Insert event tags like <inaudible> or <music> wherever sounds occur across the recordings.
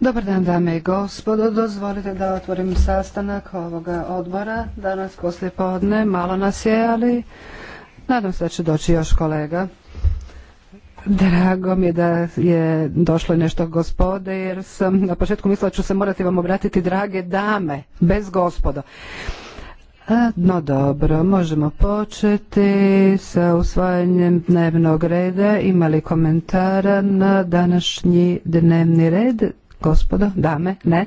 Dobar dan, dame i gospodo. Dozvolite da otvorim sastanak ovoga odbora. Danas poslije podne malo nas je, ali nadam se da će doći još kolega. Drago mi je da je došlo nešto gospode, jer sam na početku mislila da ću se morati vam obratiti, drage dame, bez gospodo. E, no dobro, možemo početi sa usvajanjem dnevnog reda. Ima li komentara na današnji dnevni red? Gospodo, dame, ne.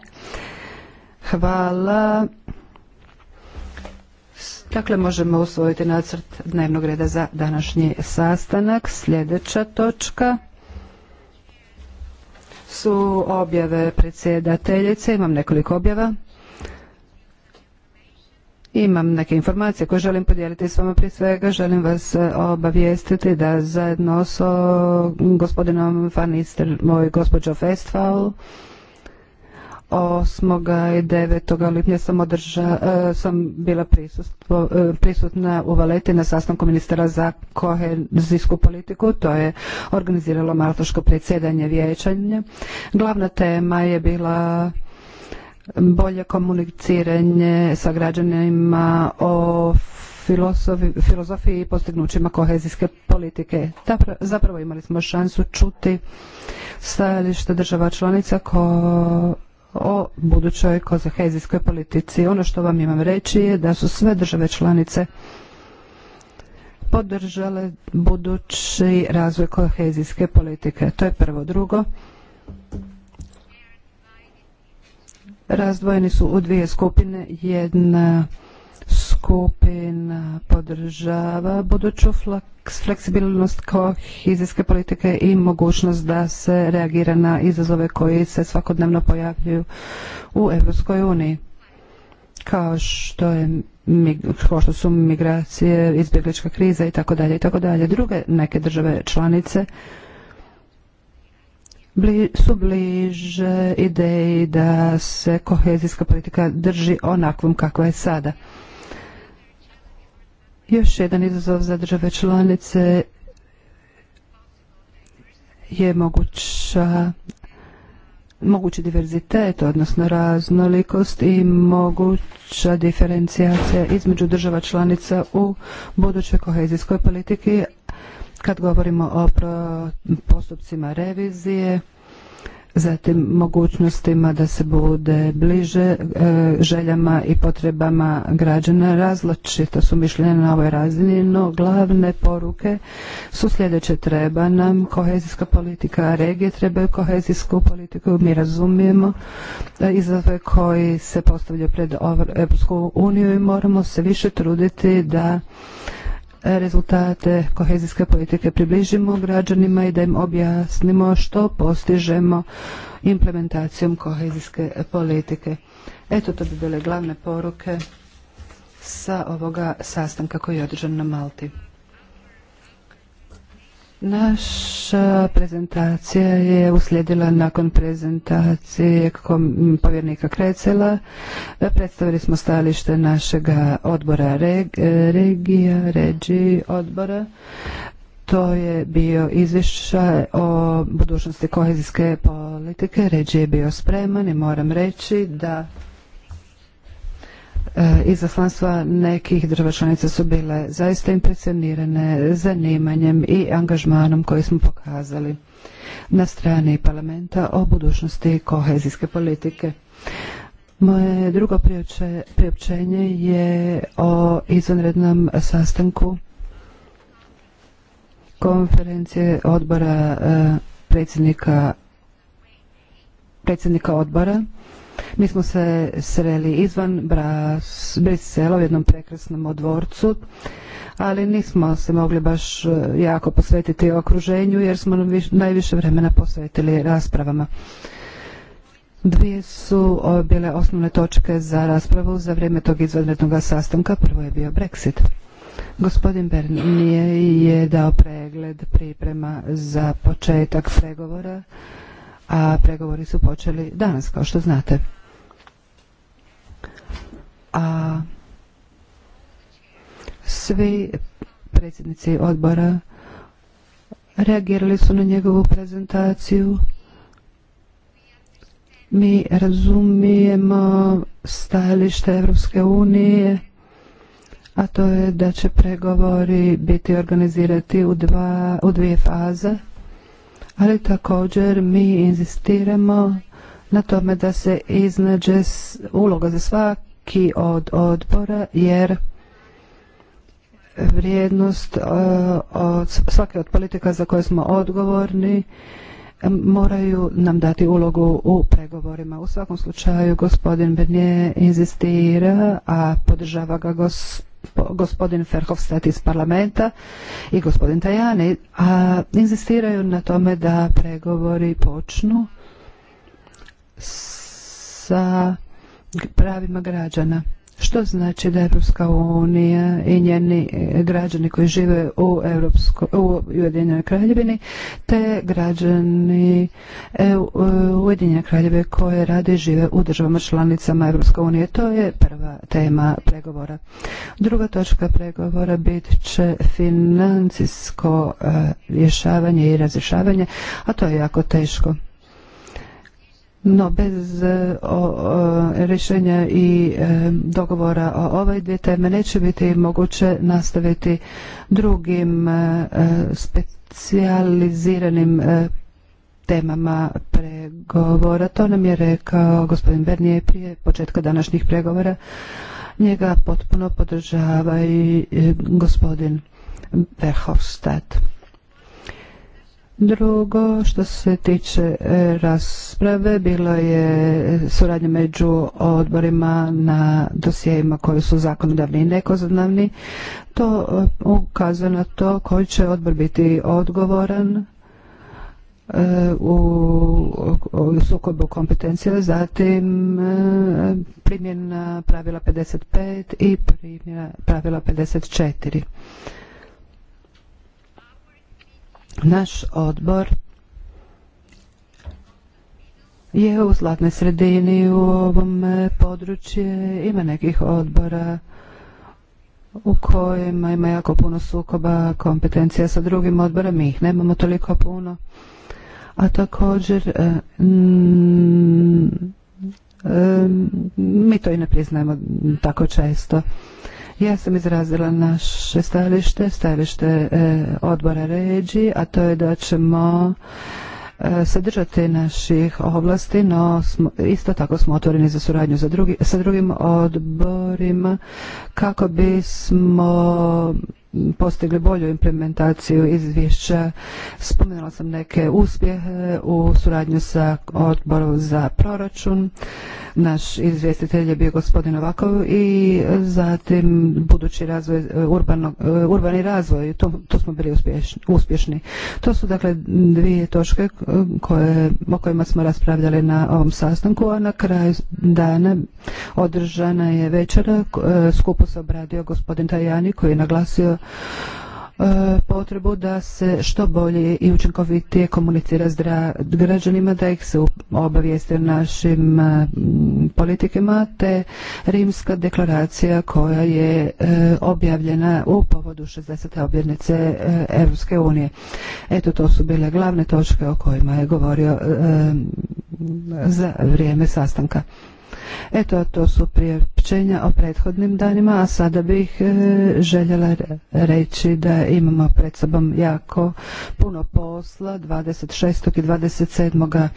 Hvala. Dakle, možemo usvojiti nacrt dnevnog reda za današnji sastanak. Sljedeća točka su objave predsjedateljice. Imam nekoliko objava. Imam neke informacije koje želim podijeliti s vama. Prije svega želim vas e, obavijestiti da zajedno s gospodinom Fanister, moj gospođo Festval, 8. i 9. lipnja sam, održa, e, sam bila e, prisutna u Valeti na sastanku ministara za kohezijsku politiku. To je organiziralo Martoško predsjedanje vijećanje. Glavna tema je bila bolje komuniciranje sa građanima o filozofiji i postignućima kohezijske politike. Zapravo imali smo šansu čuti stajalište država članica o budućoj kohezijskoj politici. Ono što vam imam reći je da su sve države članice podržale budući razvoj kohezijske politike. To je prvo. Drugo, razdvojeni su u dvije skupine. Jedna skupina podržava buduću fleksibilnost kohizijske politike i mogućnost da se reagira na izazove koji se svakodnevno pojavljuju u EU. uniji. Kao što je kao što su migracije, izbjeglička kriza i tako dalje i tako dalje. Druge neke države članice su bliže ideji da se kohezijska politika drži onakvom kakva je sada. Još jedan izazov za države članice je moguća mogući diverzitet, odnosno raznolikost i moguća diferencijacija između država članica u budućoj kohezijskoj politiki, kad govorimo o postupcima revizije, zatim mogućnostima da se bude bliže e, željama i potrebama građana različita su mišljenja na ovoj razini, no glavne poruke su sljedeće treba nam kohezijska politika, regije trebaju kohezijsku politiku, mi razumijemo izazove koji se postavljaju pred Evropsku uniju i moramo se više truditi da rezultate kohezijske politike približimo građanima i da im objasnimo što postižemo implementacijom kohezijske politike. Eto, to bi bile glavne poruke sa ovoga sastanka koji je održan na Malti. Naša prezentacija je uslijedila nakon prezentacije povjernika Krecela. E, predstavili smo stalište našega odbora e, regija, ređi odbora. To je bio izvješća o budućnosti kohezijske politike. Ređi je bio spreman i moram reći da Eh, izaslanstva nekih država članica su bile zaista impresionirane zanimanjem i angažmanom koji smo pokazali na strani parlamenta o budućnosti kohezijske politike. Moje drugo priopćenje je o izvanrednom sastanku konferencije odbora eh, predsjednika predsjednika odbora mi smo se sreli izvan Brisela u jednom prekrasnom odvorcu, ali nismo se mogli baš eh, jako posvetiti okruženju jer smo najviše vremena posvetili raspravama. Dvije su eh, bile osnovne točke za raspravu za vrijeme tog izvanrednog sastanka. Prvo je bio Brexit. Gospodin Bernier je dao pregled priprema za početak pregovora a pregovori su počeli danas, kao što znate. A svi predsjednici odbora reagirali su na njegovu prezentaciju. Mi razumijemo stajalište Evropske unije, a to je da će pregovori biti organizirati u, u dvije faze – ali također mi inzistiramo na tome da se iznađe uloga za svaki od odbora jer vrijednost e, od svake od politika za koje smo odgovorni e, moraju nam dati ulogu u pregovorima. U svakom slučaju gospodin Bernier inzistira, a podržava ga gospodin gospodin Ferhofstadt iz parlamenta i gospodin Tajani a inzistiraju na tome da pregovori počnu sa pravima građana što znači da Europska unija i njeni e, građani koji žive u Ujedinjenoj Kraljevini te građani e, e, Ujedinjene Kraljeve koje rade i žive u državama članicama Europske unije. To je prva tema pregovora. Druga točka pregovora bit će financijsko rješavanje i razrješavanje, a to je jako teško. No, bez e, o, rješenja i e, dogovora o ove dvije teme neće biti moguće nastaviti drugim e, e specijaliziranim temama pregovora. To nam je rekao gospodin Bernije prije početka današnjih pregovora. Njega potpuno podržava i gospodin Verhofstadt. Drugo, što se tiče e, rasprave, bilo je suradnje među odborima na dosjeima koji su zakonodavni i nekozadavni. To e, ukazuje na to koji će odbor biti odgovoran e, u sukobu kompetencija, zatim primjena pravila 55 i primjena pravila 54. Naš odbor je u zlatnoj sredini u ovom području. Ima nekih odbora u kojima ima jako puno sukoba kompetencija sa drugim odborom. Mi ih nemamo toliko puno. A također e, e, mi to i ne priznajemo tako često. Ja sam izrazila naše stajalište, stajalište e, odbora ređi, a to je da ćemo e, sadržati naših ovlasti, no isto tako smo otvoreni za suradnju drugi, sa drugim odborima kako bismo postigli bolju implementaciju izvješća. Spomenula sam neke uspjehe u suradnju sa odborom za proračun. Naš izvjestitelj je bio gospodin Ovakov i zatim budući razvoj, e, urbano, e, urbani razvoj, to, to smo bili uspješni, uspješni. To su dakle dvije točke koje, o kojima smo raspravljali na ovom sastanku, a na kraju dana održana je večera, e, skupo se obradio gospodin Tajani koji je naglasio E, potrebu da se što bolje i učinkovitije komunicira s građanima, da ih se obavijesti o našim e, politikama, te rimska deklaracija koja je e, objavljena u povodu 60. objednice Europske unije. Eto, to su bile glavne točke o kojima je govorio za vrijeme sastanka. Eto, to su priopćenja o prethodnim danima, a sada bih e, željela reći da imamo pred sobom jako puno posla 26. i 27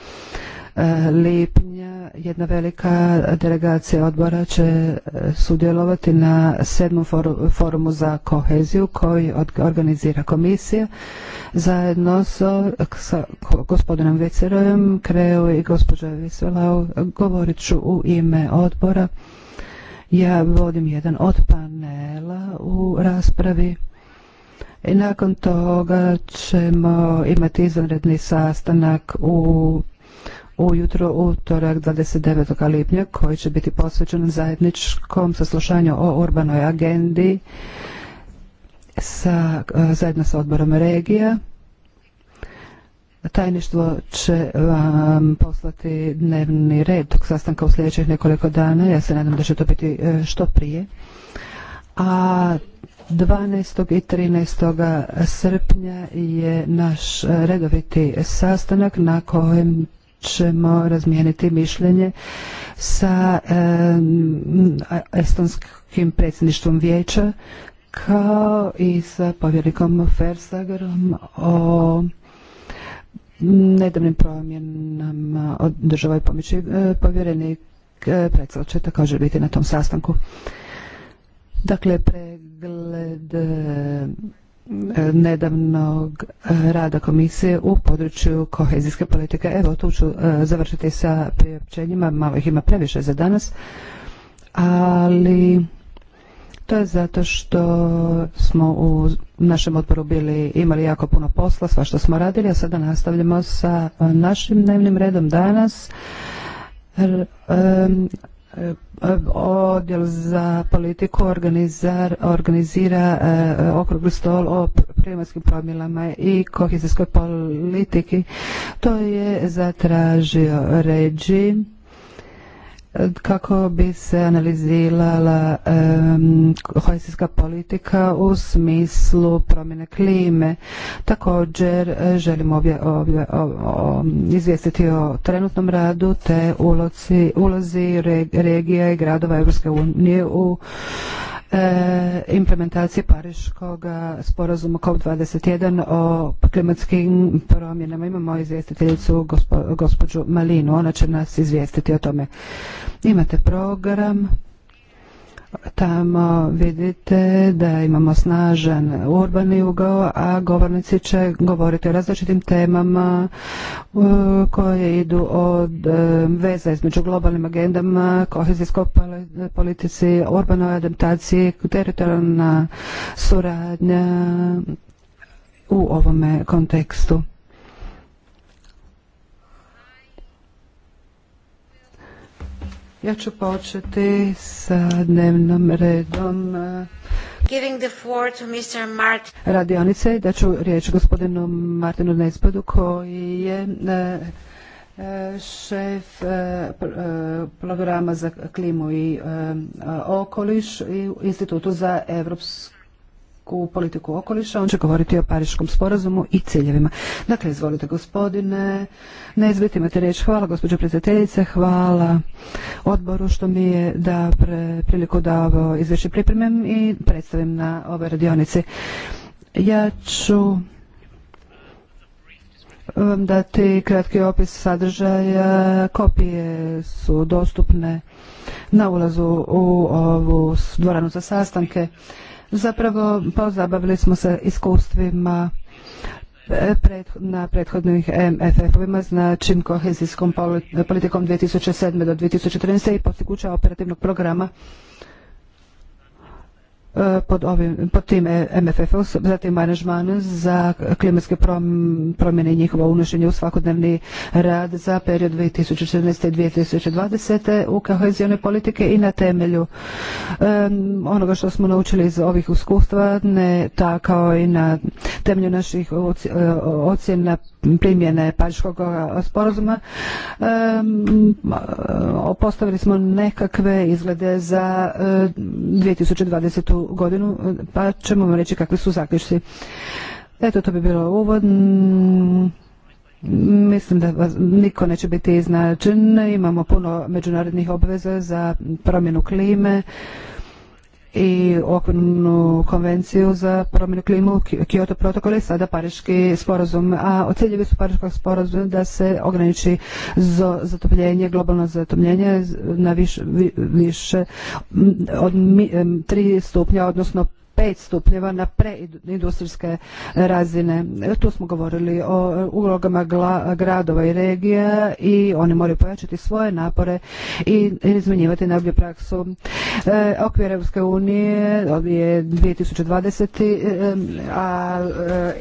lipnja jedna velika delegacija odbora će e, sudjelovati na sedmom forumu za koheziju koji organizira komisija zajedno sa, gospodinom Vicerojem, Kreo i gospođo Viselau govorit ću u ime odbora. Ja vodim jedan od panela u raspravi i nakon toga ćemo imati izvanredni sastanak u ujutro utorak 29. lipnja koji će biti posvećen zajedničkom saslušanju o urbanoj agendi sa, e, zajedno sa odborom regija. Tajništvo će vam poslati dnevni red tog sastanka u sljedećih nekoliko dana. Ja se nadam da će to biti e, što prije. A 12. i 13. srpnja je naš e, redoviti sastanak na kojem ćemo razmijeniti mišljenje sa estonskim predsjedništvom vijeća kao i sa povjerenikom Fersagerom o nedavnim promjenama od državoj pomoći e, povjerenik e, predsjed će također biti na tom sastanku. Dakle, pregled nedavnog eh, rada komisije u području kohezijske politike. Evo, tu ću eh, završiti sa priopćenjima, malo ih ima previše za danas, ali to je zato što smo u našem odboru bili, imali jako puno posla, sva što smo radili, a sada nastavljamo sa eh, našim dnevnim redom danas odjel za politiku organizira eh, okrugli stol o klimatskim promjelama i kohezijskoj politiki. To je zatražio Ređi kako bi se analizirala kohezijska politika u smislu promjene klime. Također e, želim obje, izvijestiti o trenutnom radu te ulozi regija i gradova Europske unije u E, implementacije Pariškog e, sporazuma COP21 o klimatskim promjenama. Imamo izvjestiteljicu gospođu Malinu, ona će nas izvjestiti o tome. Imate program, Tamo vidite da imamo snažan urbani ugao, a govornici će govoriti o različitim temama koje idu od e, veza između globalnim agendama, kohezijskoj politici, urbanoj adaptaciji, teritorijalna suradnja u ovome kontekstu. Ja ću početi sa dnevnom redom eh, giving the floor to da ću riječ gospodinu Martinu Nespadu koji je eh, eh, šef programa za klimu i okoliš i Institutu za evropsku u politiku okoliša. On će govoriti o Pariškom sporazumu i ciljevima. Dakle, izvolite gospodine. Ne izbiti imate riječ. Hvala gospođo predsjedateljice. Hvala odboru što mi je da priliku da ovo izvješće pripremim i predstavim na ovoj radionici. Ja ću vam dati kratki opis sadržaja. Kopije su dostupne na ulazu u ovu dvoranu za sastanke. Zapravo pozabavili smo se iskustvima e, na prethodnih MFF-ovima, znači kohezijskom politikom 2007. do 2014. i postignuća operativnog programa pod, ovim, pod tim e, mff zatim aranžman za klimatske promjene i njihovo unošenje u svakodnevni rad za period 2014. i 2020. u kohezijone politike i na temelju onoga što smo naučili iz ovih uskustva ne tako i na temelju naših e, ocjena primjene Pariškog e, sporazuma postavili smo nekakve izglede za 2020. 2020 godinu, e, pa ćemo vam reći kakvi su zaključci. Eto, to bi bilo uvod. Mislim da niko neće biti iznačen. Imamo puno međunarodnih obveza za promjenu klime i okvirnu konvenciju za promjenu klimu, Kyoto protokol i sada Pariški sporazum. A ciljevi su Pariškog sporazuma da se ograniči zatopljenje, globalno zatopljenje na više, više od 3 stupnja, odnosno pet stupnjeva na preindustrijske razine. Tu smo govorili o ulogama gradova i regija i oni moraju pojačati svoje napore i izmenjivati najbolju praksu. E, okvir Europske unije je 2020. E, a,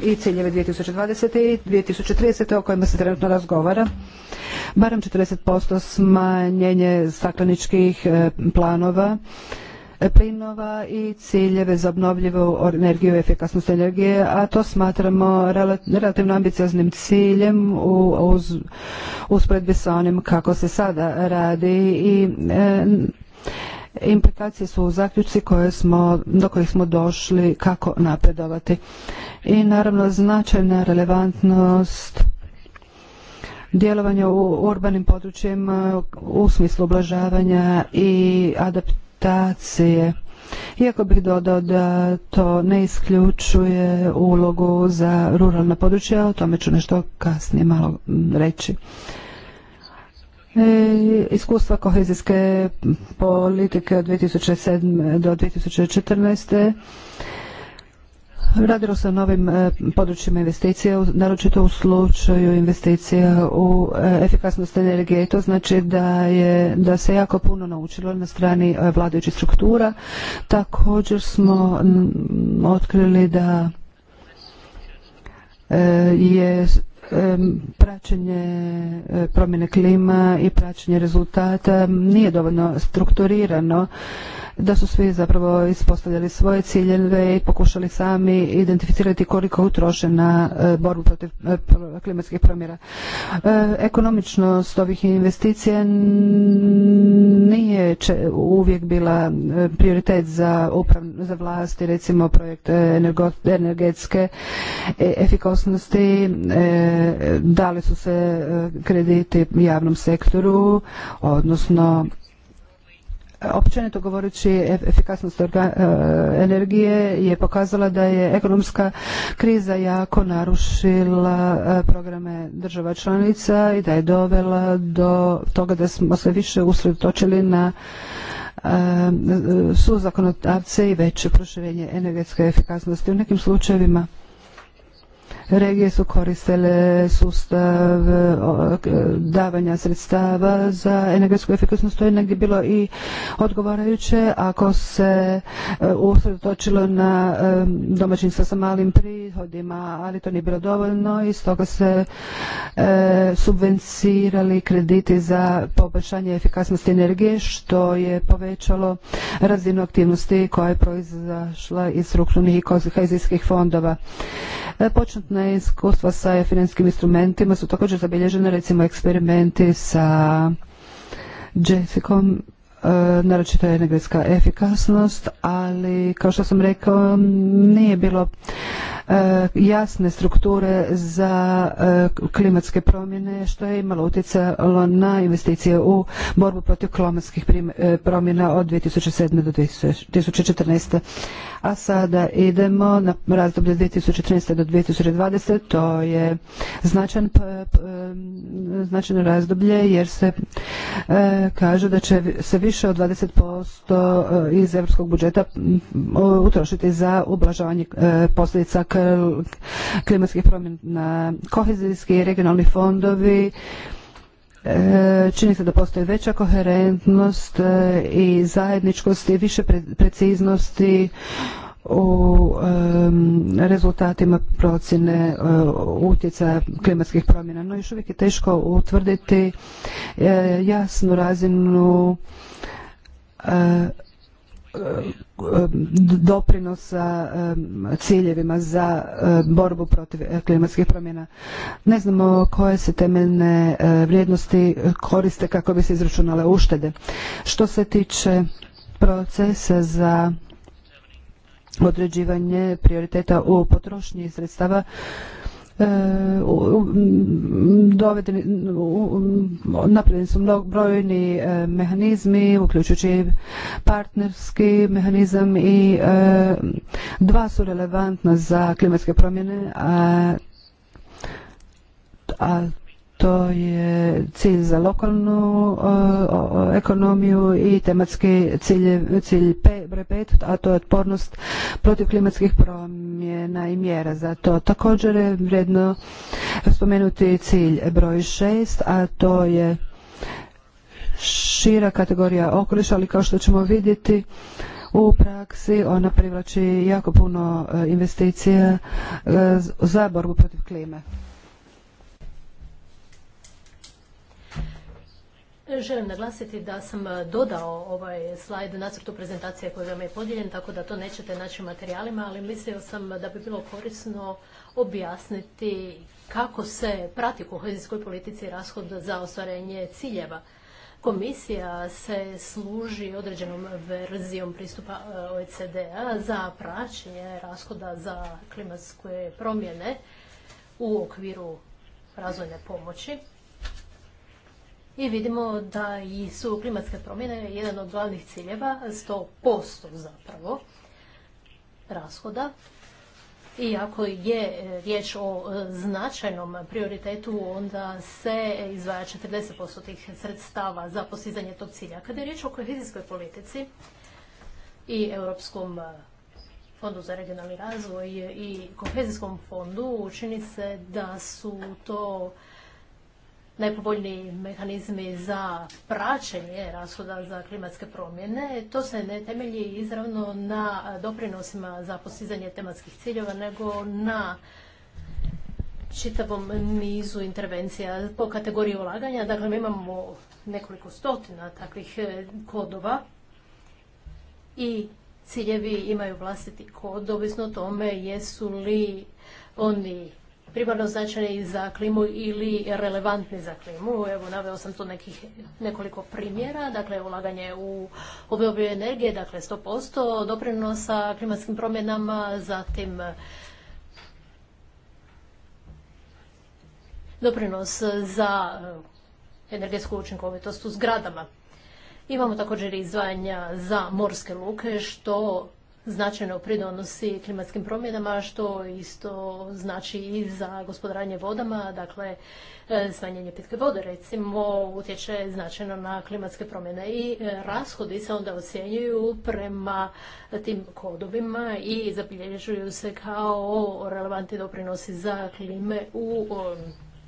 e, i ciljeve 2020. i 2030. o kojima se trenutno razgovara. Barem 40% smanjenje stakleničkih planova plinova i ciljeve za obnovljivu energiju i efikasnost energije, a to smatramo relativno ambicioznim ciljem u uz, usporedbi sa onim kako se sada radi i e, implikacije su u zaključci koje smo, do kojih smo došli kako napredovati. I naravno značajna relevantnost djelovanja u urbanim područjima u smislu ublažavanja i adaptacije iako bih dodao da to ne isključuje ulogu za ruralna područja, o tome ću nešto kasnije malo reći. E, iskustva kohezijske politike od 2007. do 2014. Radilo se o novim e, područjima investicija, naročito u slučaju investicija u e, efikasnost energije to znači da, je, da se jako puno naučilo na strani e, vladajućih struktura. Također smo otkrili da je praćenje promjene klima i praćenje rezultata nije dovoljno strukturirano da su svi zapravo ispostavljali svoje ciljeve i pokušali sami identificirati koliko utroše na e, borbu protiv e, klimatskih promjera. E, ekonomičnost ovih investicija nije uvijek bila prioritet za, za vlasti, recimo projekt energetske efikosnosti, dali su se krediti javnom sektoru, odnosno općenito govoreći efikasnost e, energije je pokazala da je ekonomska kriza jako narušila e, programe država članica i da je dovela do toga da smo se više usredotočili na e, su i veće proširenje energetske efikasnosti u nekim slučajevima Regije su koristile sustav e, davanja sredstava za energetsku efikasnost, to je negdje bilo i odgovarajuće ako se e, usredotočilo na e, domaćinstva sa malim prihodima, ali to nije bilo dovoljno i stoga se subvencirali krediti za poboljšanje efikasnosti energije što je povećalo razinu aktivnosti koja je proizašla iz strukturnih i kohezijskih fondova. E, početna iskustva sa financijskim instrumentima su također zabilježene, recimo eksperimenti sa Jessicom, e, naročito energetska efikasnost, ali kao što sam rekao nije bilo E, jasne strukture za e, klimatske promjene što je imalo utjecalo na investicije u borbu protiv klimatskih e, promjena od 2007. do 2014. A sada idemo na razdoblje 2014. do 2020. To je značan, značajno razdoblje jer se kaže da će se više od 20% iz europskog budžeta utrošiti za ublažavanje posljedica E, klimatskih promjena, kohezijski i regionalni fondovi, e, čini se da postoji veća koherentnost e, i zajedničkost i više preciznosti u rezultatima procjene utjecaja klimatskih promjena. No još uvijek je teško utvrditi jasnu razinu E, doprinosa e, ciljevima za e, borbu protiv klimatskih promjena. Ne znamo koje se temeljne vrijednosti koriste kako bi se izračunale uštede. Što se tiče procesa za određivanje prioriteta u potrošnji sredstava dovedeni, napravljeni su mnogobrojni e, mehanizmi, uključujući partnerski mehanizam i e, dva su relevantna za klimatske promjene, a to je cilj za lokalnu ekonomiju i tematski cilj, cilj broj pet, a to je otpornost protiv klimatskih promjena i mjera za to. Također je vrijedno spomenuti cilj broj šest, a to je šira kategorija okoliša, ali kao što ćemo vidjeti, u praksi ona privlači jako puno e, investicija e, za borbu protiv klime. Želim naglasiti da sam e, dodao ovaj slajd nacrtu prezentacije koji vam je podijeljen, tako da to nećete naći u materijalima, ali mislio sam da bi bilo korisno objasniti kako se prati u kohezijskoj politici rashod za ostvarenje ciljeva. Komisija se služi određenom verzijom pristupa e, OECD-a za praćenje rashoda za klimatske promjene u okviru razvojne pomoći i vidimo da i su klimatske promjene jedan od glavnih ciljeva, 100% zapravo, rashoda. Iako je riječ o značajnom prioritetu, onda se izvaja 40% tih sredstava za postizanje tog cilja. Kada je riječ o kohezijskoj politici i Europskom fondu za regionalni razvoj i kohezijskom fondu, čini se da su to najpovoljniji mehanizmi za praćenje rashoda za klimatske promjene. To se ne temelji izravno na doprinosima za postizanje tematskih ciljeva, nego na čitavom nizu intervencija po kategoriji ulaganja. Dakle, mi imamo nekoliko stotina takvih e, kodova i ciljevi imaju vlastiti kod, ovisno tome jesu li oni primarno značajni za klimu ili relevantni za klimu. Evo, naveo sam tu nekih, nekoliko primjera, dakle ulaganje u obnovljive energije, dakle 100%, doprinosa klimatskim promjenama, zatim doprinos za e, energetsku učinkovitost u zgradama. Imamo također izdvajanja za morske luke, što značajno pridonosi klimatskim promjenama, što isto znači i za gospodaranje vodama, dakle e, smanjenje pitke vode recimo utječe značajno na klimatske promjene i e, rashodi se onda ocjenjuju prema tim kodovima i zabilježuju se kao relevantni doprinosi za klime u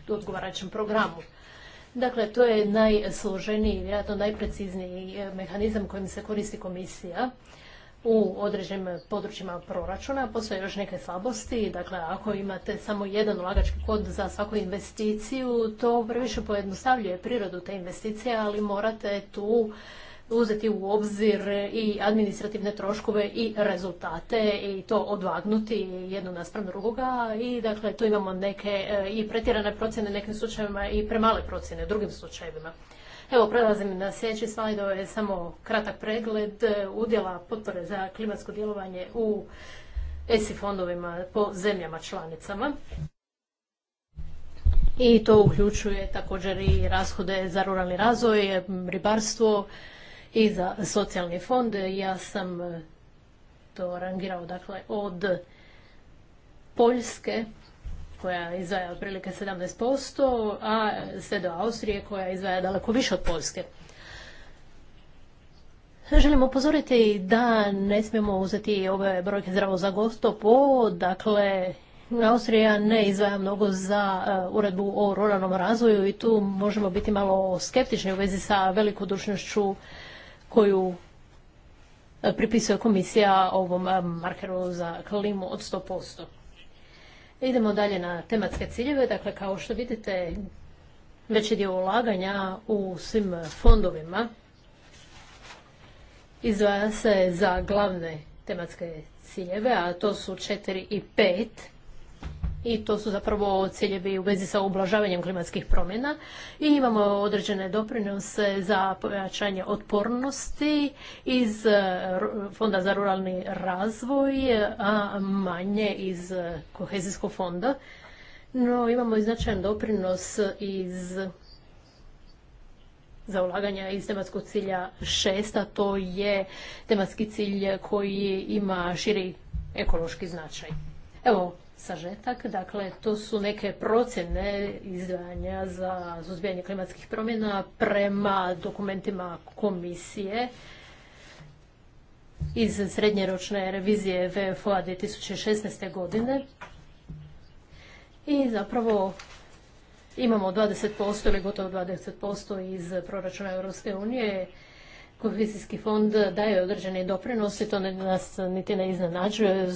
odgovarajućem programu. Dakle, to je najsloženiji, vjerojatno najprecizniji e, mehanizam kojim se koristi komisija u određenim područjima proračuna. Postoje još neke slabosti, dakle ako imate samo jedan ulagački kod za svaku investiciju, to previše pojednostavljuje prirodu te investicije, ali morate tu uzeti u obzir i administrativne troškove i rezultate i to odvagnuti jedno naspram drugoga i dakle tu imamo neke e, i pretjerane procjene nekim slučajevima i premale procjene drugim slučajevima. Evo, prelazim na sljedeći slajd, ovo je samo kratak pregled e, udjela potpore za klimatsko djelovanje u ESI fondovima po zemljama članicama. I to uključuje također i rashode za ruralni razvoj, ribarstvo i za socijalni fond. Ja sam e, to rangirao dakle, od Poljske koja izdvaja otprilike 17%, a sve do Austrije koja izdvaja daleko više od Poljske. Želim upozoriti da ne smijemo uzeti ove brojke zdravo za gostopo, dakle Austrija ne izdvaja mnogo za e, uredbu o ruralnom razvoju i tu možemo biti malo skeptični u vezi sa velikodušnošću koju e, pripisuje komisija ovom e, markeru za klimu od 100%. Idemo dalje na tematske ciljeve. Dakle, kao što vidite, veći dio ulaganja u svim fondovima izdvaja se za glavne tematske ciljeve, a to su 4 i 5 i to su zapravo ciljevi u vezi sa ublažavanjem klimatskih promjena i imamo određene doprinose za pojačanje otpornosti iz e, Fonda za ruralni razvoj, a manje iz kohezijskog fonda. No, imamo i značajan doprinos iz za ulaganja iz tematskog cilja šest, a to je tematski cilj koji ima širi ekološki značaj. Evo, sažetak. Dakle, to su neke procjene izdvajanja za suzbijanje klimatskih promjena prema dokumentima komisije iz srednjeročne revizije VFO-a 2016. godine. I zapravo imamo 20% ili gotovo 20% iz proračuna Europske unije. Kohezijski fond daje određeni doprinos i to nas niti ne iznenađuje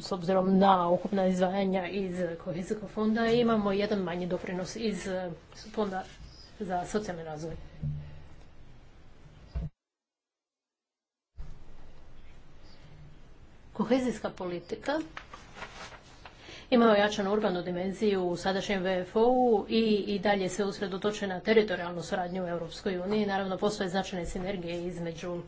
s obzirom na ukupna izdvajanja iz kohezijskog fonda imamo jedan manji doprinos iz eh, fonda za socijalni razvoj. Kohezijska politika ima ojačanu urbanu dimenziju u sadašnjem VFO-u i, dalje se usredotoče na teritorijalnu suradnju u EU. Naravno, postoje značajne sinergije između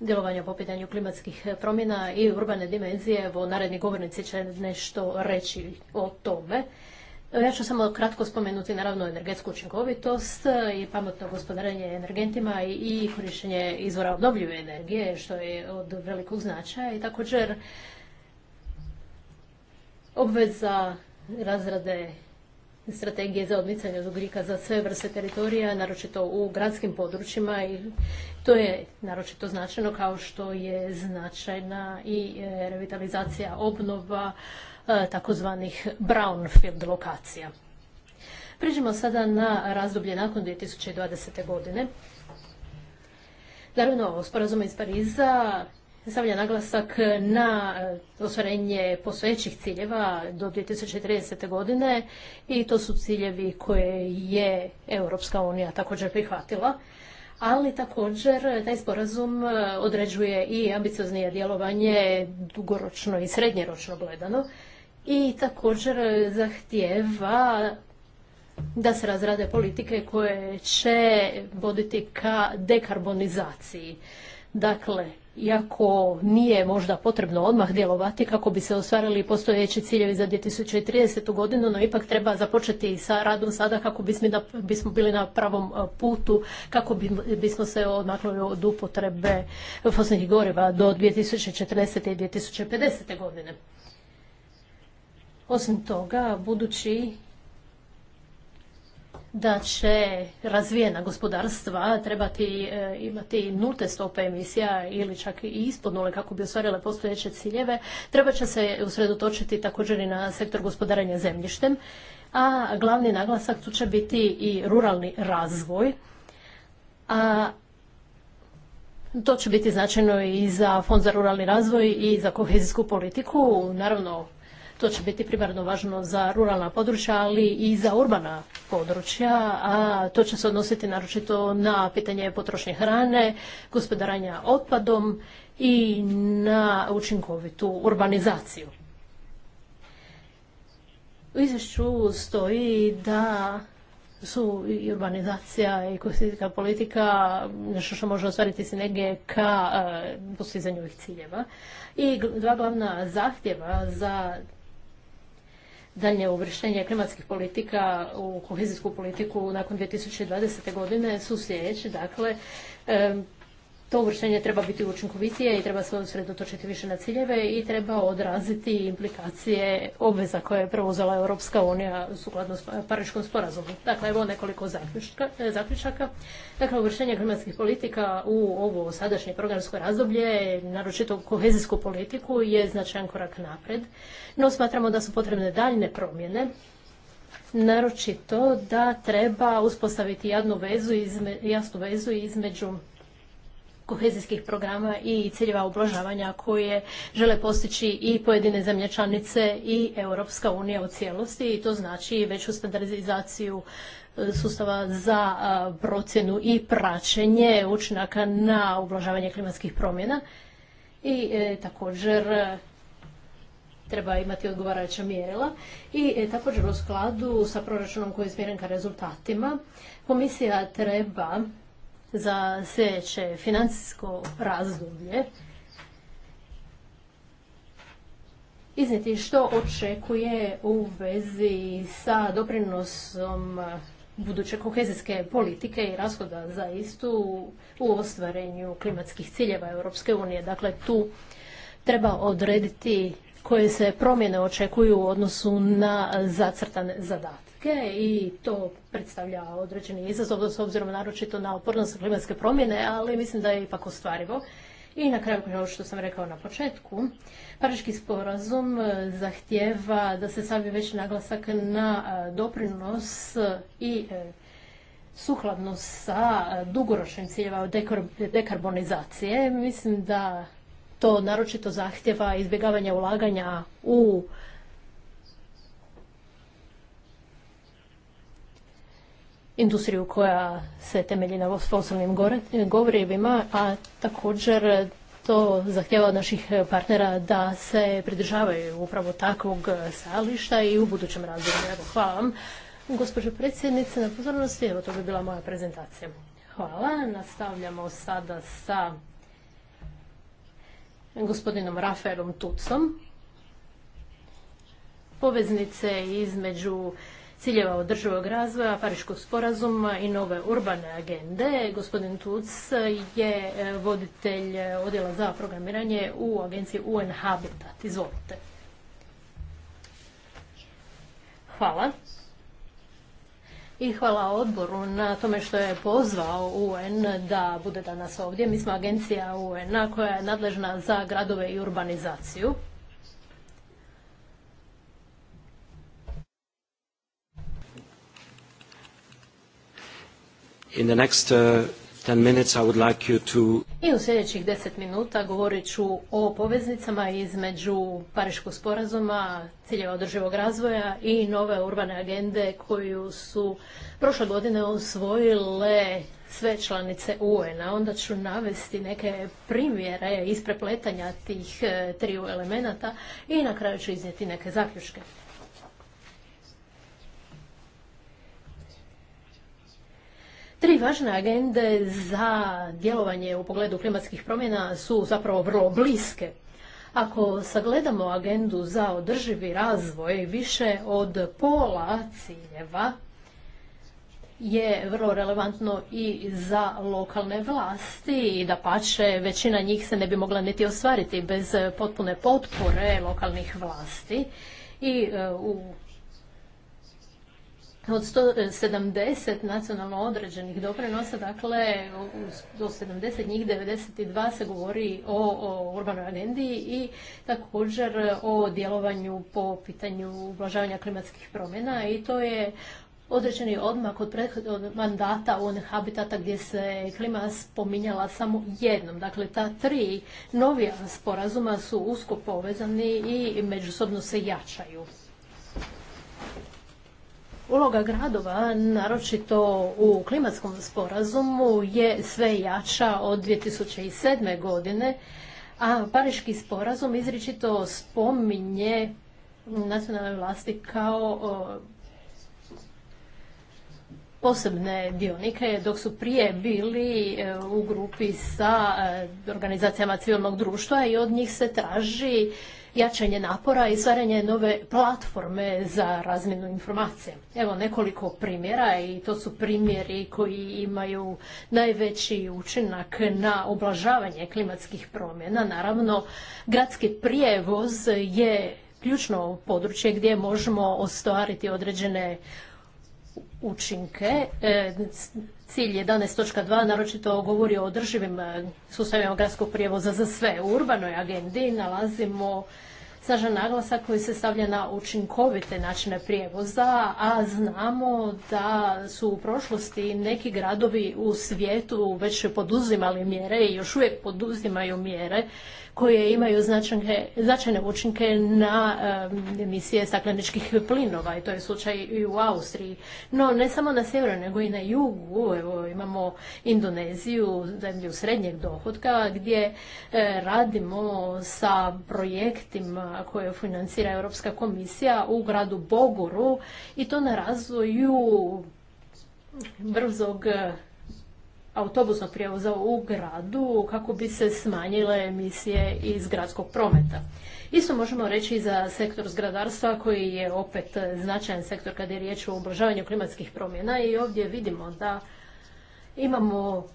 djelovanja po pitanju klimatskih promjena i urbane dimenzije. Evo, naredni govornici će nešto reći o tome. Ja ću samo kratko spomenuti naravno energetsku učinkovitost i pametno gospodarenje energentima i korištenje izvora obnovljive energije, što je od velikog značaja i također obveza razrade strategije za odmicanje od za sve vrste teritorija, naročito u gradskim područjima i to je naročito značajno kao što je značajna i e, revitalizacija obnova e, takozvanih brownfield lokacija. Priđemo sada na razdoblje nakon 2020. godine. Naravno, sporazum iz Pariza stavlja naglasak na e, ostvarenje posvećih ciljeva do 2030. godine i to su ciljevi koje je Europska unija također prihvatila. Ali također taj sporazum e, određuje i ambicioznije djelovanje dugoročno i srednjeročno gledano i također e, zahtijeva da se razrade politike koje će voditi ka dekarbonizaciji. Dakle, iako nije možda potrebno odmah djelovati kako bi se ostvarili postojeći ciljevi za 2030. godinu, no ipak treba započeti sa radom sada kako bismo bili na pravom e, putu, kako bismo se odmaknuli od upotrebe fosnih goriva do 2040. i 2050. godine. Osim toga, budući da će razvijena gospodarstva trebati e, imati nulte stope emisija ili čak i ispod nule kako bi ostvarile postojeće ciljeve, treba će se usredotočiti također i na sektor gospodarenja zemljištem, a glavni naglasak tu će biti i ruralni razvoj. A to će biti značajno i za Fond za ruralni razvoj i za kohezijsku politiku. Naravno, to će biti primarno važno za ruralna područja, ali i za urbana područja, a to će se odnositi naročito na pitanje potrošnje hrane, gospodaranja otpadom i na učinkovitu urbanizaciju. U izvješću stoji da su i urbanizacija i kohezijska politika nešto što može ostvariti sinergije ka e, postizanju ovih ciljeva. I dva glavna zahtjeva za dalje uvrštenje klimatskih politika u kohezijsku politiku nakon 2020. godine su sljedeći. Dakle, to uvrštenje treba biti učinkovitije i treba se usredotočiti više na ciljeve i treba odraziti implikacije obveza koje je preuzela Europska unija sukladno Pariškom sporazumu. Dakle, evo nekoliko e, zaključaka. Dakle, uvrštenje klimatskih politika u ovo sadašnje programsko razdoblje, naročito kohezijsku politiku, je značajan korak napred. No, smatramo da su potrebne daljne promjene naročito da treba uspostaviti jednu vezu, jasnu vezu između kohezijskih programa i ciljeva ublažavanja koje žele postići i pojedine zemlje članice i Europska unija u cijelosti i to znači veću standardizaciju e, sustava za procjenu i praćenje učinaka na ublažavanje klimatskih promjena i e, također e, treba imati odgovarajuća mjerila i također u skladu sa proračunom koji je smjeren ka rezultatima komisija treba za sljedeće financijsko razdoblje Izniti što očekuje u vezi sa doprinosom buduće kohezijske politike i rashoda za istu u ostvarenju klimatskih ciljeva Europske unije. Dakle, tu treba odrediti koje se promjene očekuju u odnosu na zacrtane zadatke. Hrvatske i to predstavlja određeni izazov s obzirom naročito na opornost klimatske promjene, ali mislim da je ipak ostvarivo. I na kraju, kao što sam rekao na početku, Pariški sporazum e, zahtjeva da se stavi već naglasak na e, doprinos i e, sukladno sa dugoročnim ciljeva dekarbonizacije. Mislim da to naročito zahtjeva izbjegavanje ulaganja u industriju koja se temelji na fosilnim gorivima, a također to zahtjeva od naših partnera da se pridržavaju upravo takvog stajališta i u budućem razvoju. hvala vam. Gospođo predsjednice, na pozornosti, evo to bi bila moja prezentacija. Hvala. Nastavljamo sada sa gospodinom Rafaelom Tucom. Poveznice između ciljeva održivog razvoja, Pariškog sporazuma i nove urbane agende. Gospodin Tuc je e, voditelj e, odjela za programiranje u agenciji UN Habitat. Izvolite. Hvala. I hvala odboru na tome što je pozvao UN da bude danas ovdje. Mi smo agencija UN-a koja je nadležna za gradove i urbanizaciju. I u sljedećih deset minuta govorit ću o poveznicama između Pariškog sporazuma, ciljeva održivog razvoja i nove urbane agende koju su prošle godine osvojile sve članice UN-a. Onda ću navesti neke primjere isprepletanja tih eh, triju elemenata i na kraju ću iznijeti neke zaključke. Tri važne agende za djelovanje u pogledu klimatskih promjena su zapravo vrlo bliske. Ako sagledamo agendu za održivi razvoj, više od pola ciljeva je vrlo relevantno i za lokalne vlasti i da pače većina njih se ne bi mogla niti ostvariti bez potpune potpore lokalnih vlasti i e, u od 170 nacionalno određenih doprinosa, dakle do 70 njih 92 se govori o, urbanoj agendi i također o djelovanju po pitanju ublažavanja klimatskih promjena i to je određeni odmak od prethodnog mandata onih Habitata gdje se klima spominjala samo jednom. Dakle, ta tri novija sporazuma su usko povezani i međusobno se jačaju. Uloga gradova, naročito u klimatskom sporazumu, je sve jača od 2007. godine, a Pariški sporazum izričito spominje nacionalne vlasti kao posebne dionike, dok su prije bili e, u grupi sa e, organizacijama civilnog društva i od njih se traži jačanje napora i stvaranje nove platforme za razmjenu informacija. Evo nekoliko primjera i to su primjeri koji imaju najveći učinak na oblažavanje klimatskih promjena. Naravno, gradski prijevoz je ključno područje gdje možemo ostvariti određene učinke. E, Cilj 11.2 naročito govori o održivim e, sustavima gradskog prijevoza za sve. U urbanoj agendi nalazimo snažan naglasak koji se stavlja na učinkovite načine prijevoza, a znamo da su u prošlosti neki gradovi u svijetu već poduzimali mjere i još uvijek poduzimaju mjere koje imaju značajne, učinke na emisije stakleničkih plinova i to je slučaj i u Austriji. No ne samo na sjeveru nego i na jugu, evo imamo Indoneziju, zemlju srednjeg dohodka gdje e, radimo sa projektima koju financira Europska komisija u gradu Bogoru i to na razvoju brzog e, autobusnog prijevoza u gradu kako bi se smanjile emisije iz gradskog prometa. Isto možemo reći za sektor zgradarstva koji je opet značajan sektor kada je riječ o ublažavanju klimatskih promjena i ovdje vidimo da imamo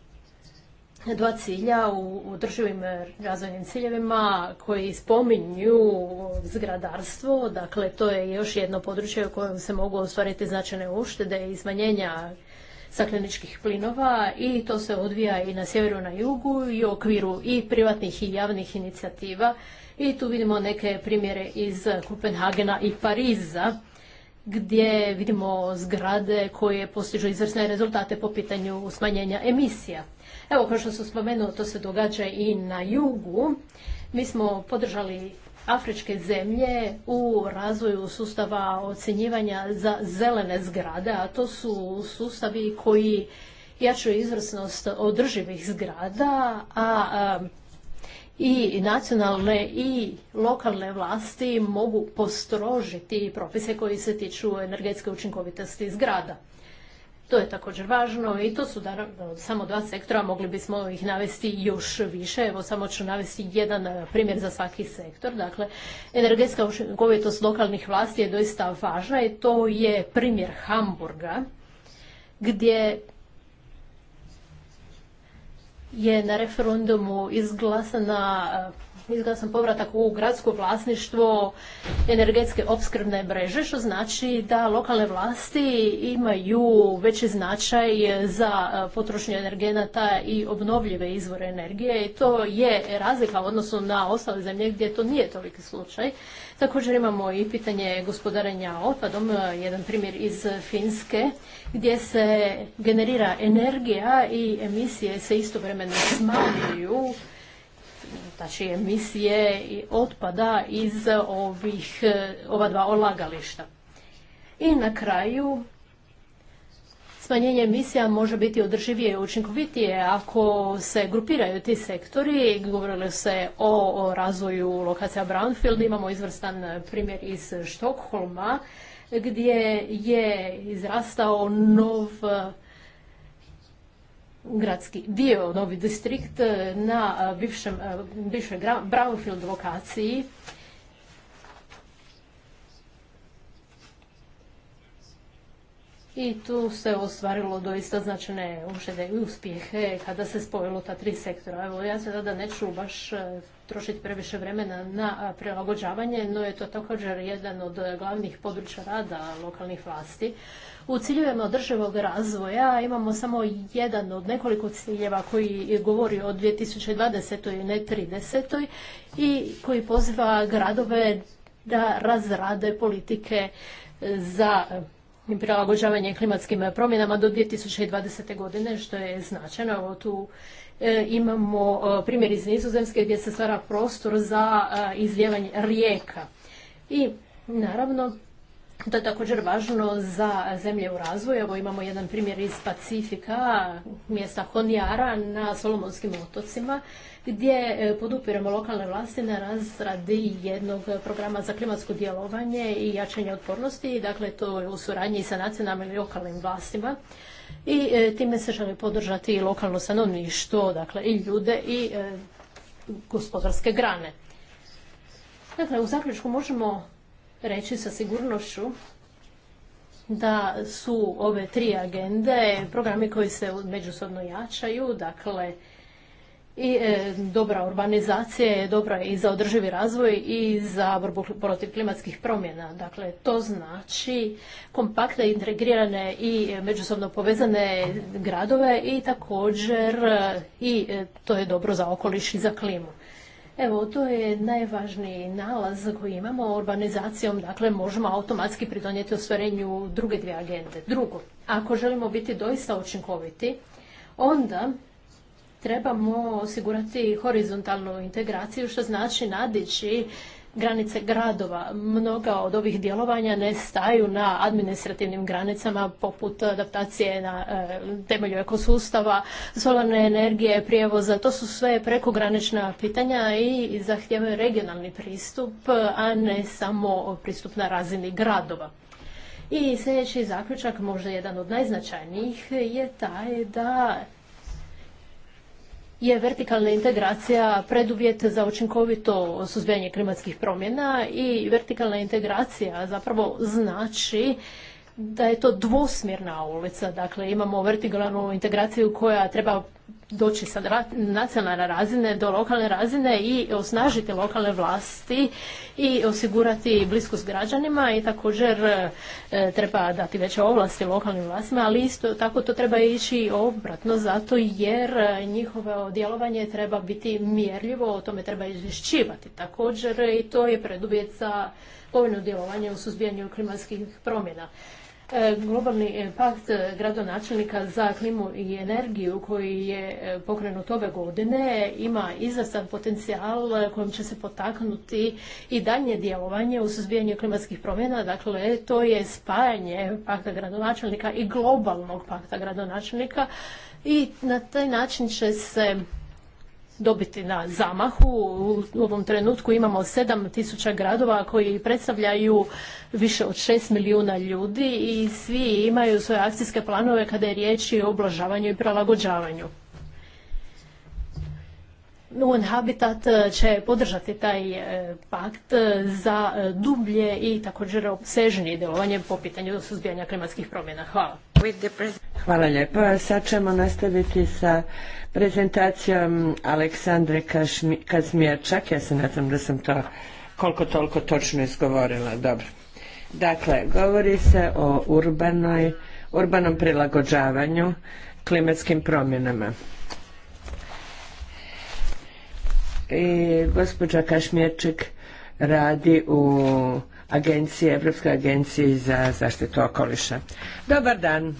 dva cilja u održivim razvojnim ciljevima koji spominju zgradarstvo. Dakle, to je još jedno područje u kojem se mogu ostvariti značajne uštede i smanjenja stakleničkih plinova i to se odvija i na sjeveru i na jugu i u okviru i privatnih i javnih inicijativa. I tu vidimo neke primjere iz Kopenhagena i Pariza gdje vidimo zgrade koje postižu izvrsne rezultate po pitanju smanjenja emisija. Evo, kao što sam spomenuo, to se događa i na jugu. Mi smo podržali afričke zemlje u razvoju sustava ocjenjivanja za zelene zgrade, a to su sustavi koji jačuju izvrsnost održivih zgrada, a i nacionalne i lokalne vlasti mogu postrožiti propise koji se tiču energetske učinkovitosti zgrada. To je također važno i to su samo dva sektora, mogli bismo ih navesti još više. Evo samo ću navesti jedan e, primjer za svaki sektor. Dakle, energetska učinkovitost lokalnih vlasti je doista važna i to je primjer Hamburga gdje je na referendumu izglasana sam povratak u gradsko vlasništvo energetske opskrbne mreže, što znači da lokalne vlasti imaju veći značaj za e, potrošnju energenata i obnovljive izvore energije i to je razlika u odnosu na ostale zemlje gdje to nije toliki slučaj. Također imamo i pitanje gospodarenja otpadom, e, jedan primjer iz Finske, gdje se generira energija i emisije se istovremeno smanjuju znači emisije i otpada iz ovih, ova dva odlagališta. I na kraju, smanjenje emisija može biti održivije i učinkovitije ako se grupiraju ti sektori. Govorili se o, o razvoju lokacija Brownfield, imamo izvrstan primjer iz Štokholma gdje je izrastao nov gradski dio, novi distrikt eh, na eh, bivšem, eh, bivšoj Brownfield lokaciji i tu se ostvarilo doista značajne uštede i uspjehe kada se spojilo ta tri sektora. Evo, ja se da neću baš e, trošiti previše vremena na e, prilagođavanje, no je to također jedan od glavnih područja rada lokalnih vlasti. U ciljevima održivog razvoja imamo samo jedan od nekoliko ciljeva koji govori o 2020. i ne 30. i koji poziva gradove da razrade politike za prilagođavanje klimatskim promjenama do 2020. godine, što je značajno. Evo tu e, imamo e, primjer iz Nizozemske gdje se stvara prostor za e, izljevanje rijeka. I naravno, to je također važno za zemlje u razvoju. Evo imamo jedan primjer iz Pacifika, mjesta Honjara na Solomonskim otocima, gdje e, podupiramo lokalne vlasti na razradi jednog programa za klimatsko djelovanje i jačanje otpornosti. Dakle, to je u suradnji sa nacionalnim i lokalnim vlastima. I e, time se želi podržati i lokalno stanovništvo, dakle i ljude i e, gospodarske grane. Dakle, u zaključku možemo reći sa sigurnošću da su ove tri agende programi koji se međusobno jačaju, dakle i e, dobra urbanizacija je dobra i za održivi razvoj i za borbu protiv klimatskih promjena. Dakle, to znači kompaktne, integrirane i međusobno povezane gradove i također e, i e, to je dobro za okoliš i za klimu. Evo, to je najvažniji nalaz koji imamo. Urbanizacijom, dakle, možemo automatski pridonijeti ostvarenju druge dvije agende. Drugo, ako želimo biti doista učinkoviti, onda trebamo osigurati horizontalnu integraciju, što znači nadići granice gradova. Mnoga od ovih djelovanja ne staju na administrativnim granicama poput adaptacije na e, temelju ekosustava, solarne energije, prijevoza. To su sve prekogranična pitanja i zahtijevaju regionalni pristup, a ne samo pristup na razini gradova. I sljedeći zaključak, možda jedan od najznačajnijih, je taj da je vertikalna integracija preduvjet za učinkovito suzbijanje klimatskih promjena i vertikalna integracija zapravo znači da je to dvosmjerna ulica. Dakle, imamo vertikalnu integraciju koja treba doći sa nacionalne razine do lokalne razine i osnažiti lokalne vlasti i osigurati bliskost građanima i također e, treba dati veće ovlasti lokalnim vlastima, ali isto tako to treba ići obratno zato jer e, njihovo djelovanje treba biti mjerljivo, o tome treba izvješćivati također i to je preduvjet za povoljno djelovanje u suzbijanju klimatskih promjena. E, globalni e, pakt e, gradonačelnika za klimu i energiju koji je pokrenut ove godine ima izvrstan potencijal kojim će se potaknuti i daljnje djelovanje u suzbijanju klimatskih promjena. Dakle, to je spajanje pakta gradonačelnika i globalnog pakta gradonačelnika i na taj način će se dobiti na zamahu. U ovom trenutku imamo 7000 gradova koji predstavljaju više od 6 milijuna ljudi i svi imaju svoje akcijske planove kada je riječ o oblažavanju i prilagođavanju. UN Habitat će podržati taj e, pakt e, za e, dublje i također obsežnije djelovanje po pitanju suzbijanja klimatskih promjena. Hvala. Hvala lijepo. Sad ćemo nastaviti sa prezentacijom Aleksandre Kazmijačak. Ja se nadam da sam to koliko toliko točno izgovorila. Dobro. Dakle, govori se o urbanoj, urbanom prilagođavanju klimatskim promjenama. I gospođa Kašmjerček radi u agencije, Evropske agencije za zaštitu okoliša. Dobar dan.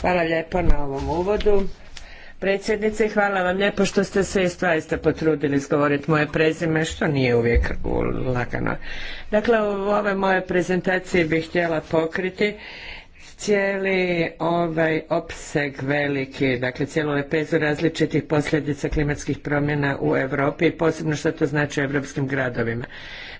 Hvala lijepo na ovom uvodu. Predsjednice, hvala vam lijepo što ste se stvarista potrudili izgovoriti moje prezime, što nije uvijek lagano. Dakle, u ove moje prezentacije bih htjela pokriti cijeli ovaj opseg veliki, dakle cijelu lepezu različitih posljedica klimatskih promjena u Europi i posebno što to znači u europskim gradovima.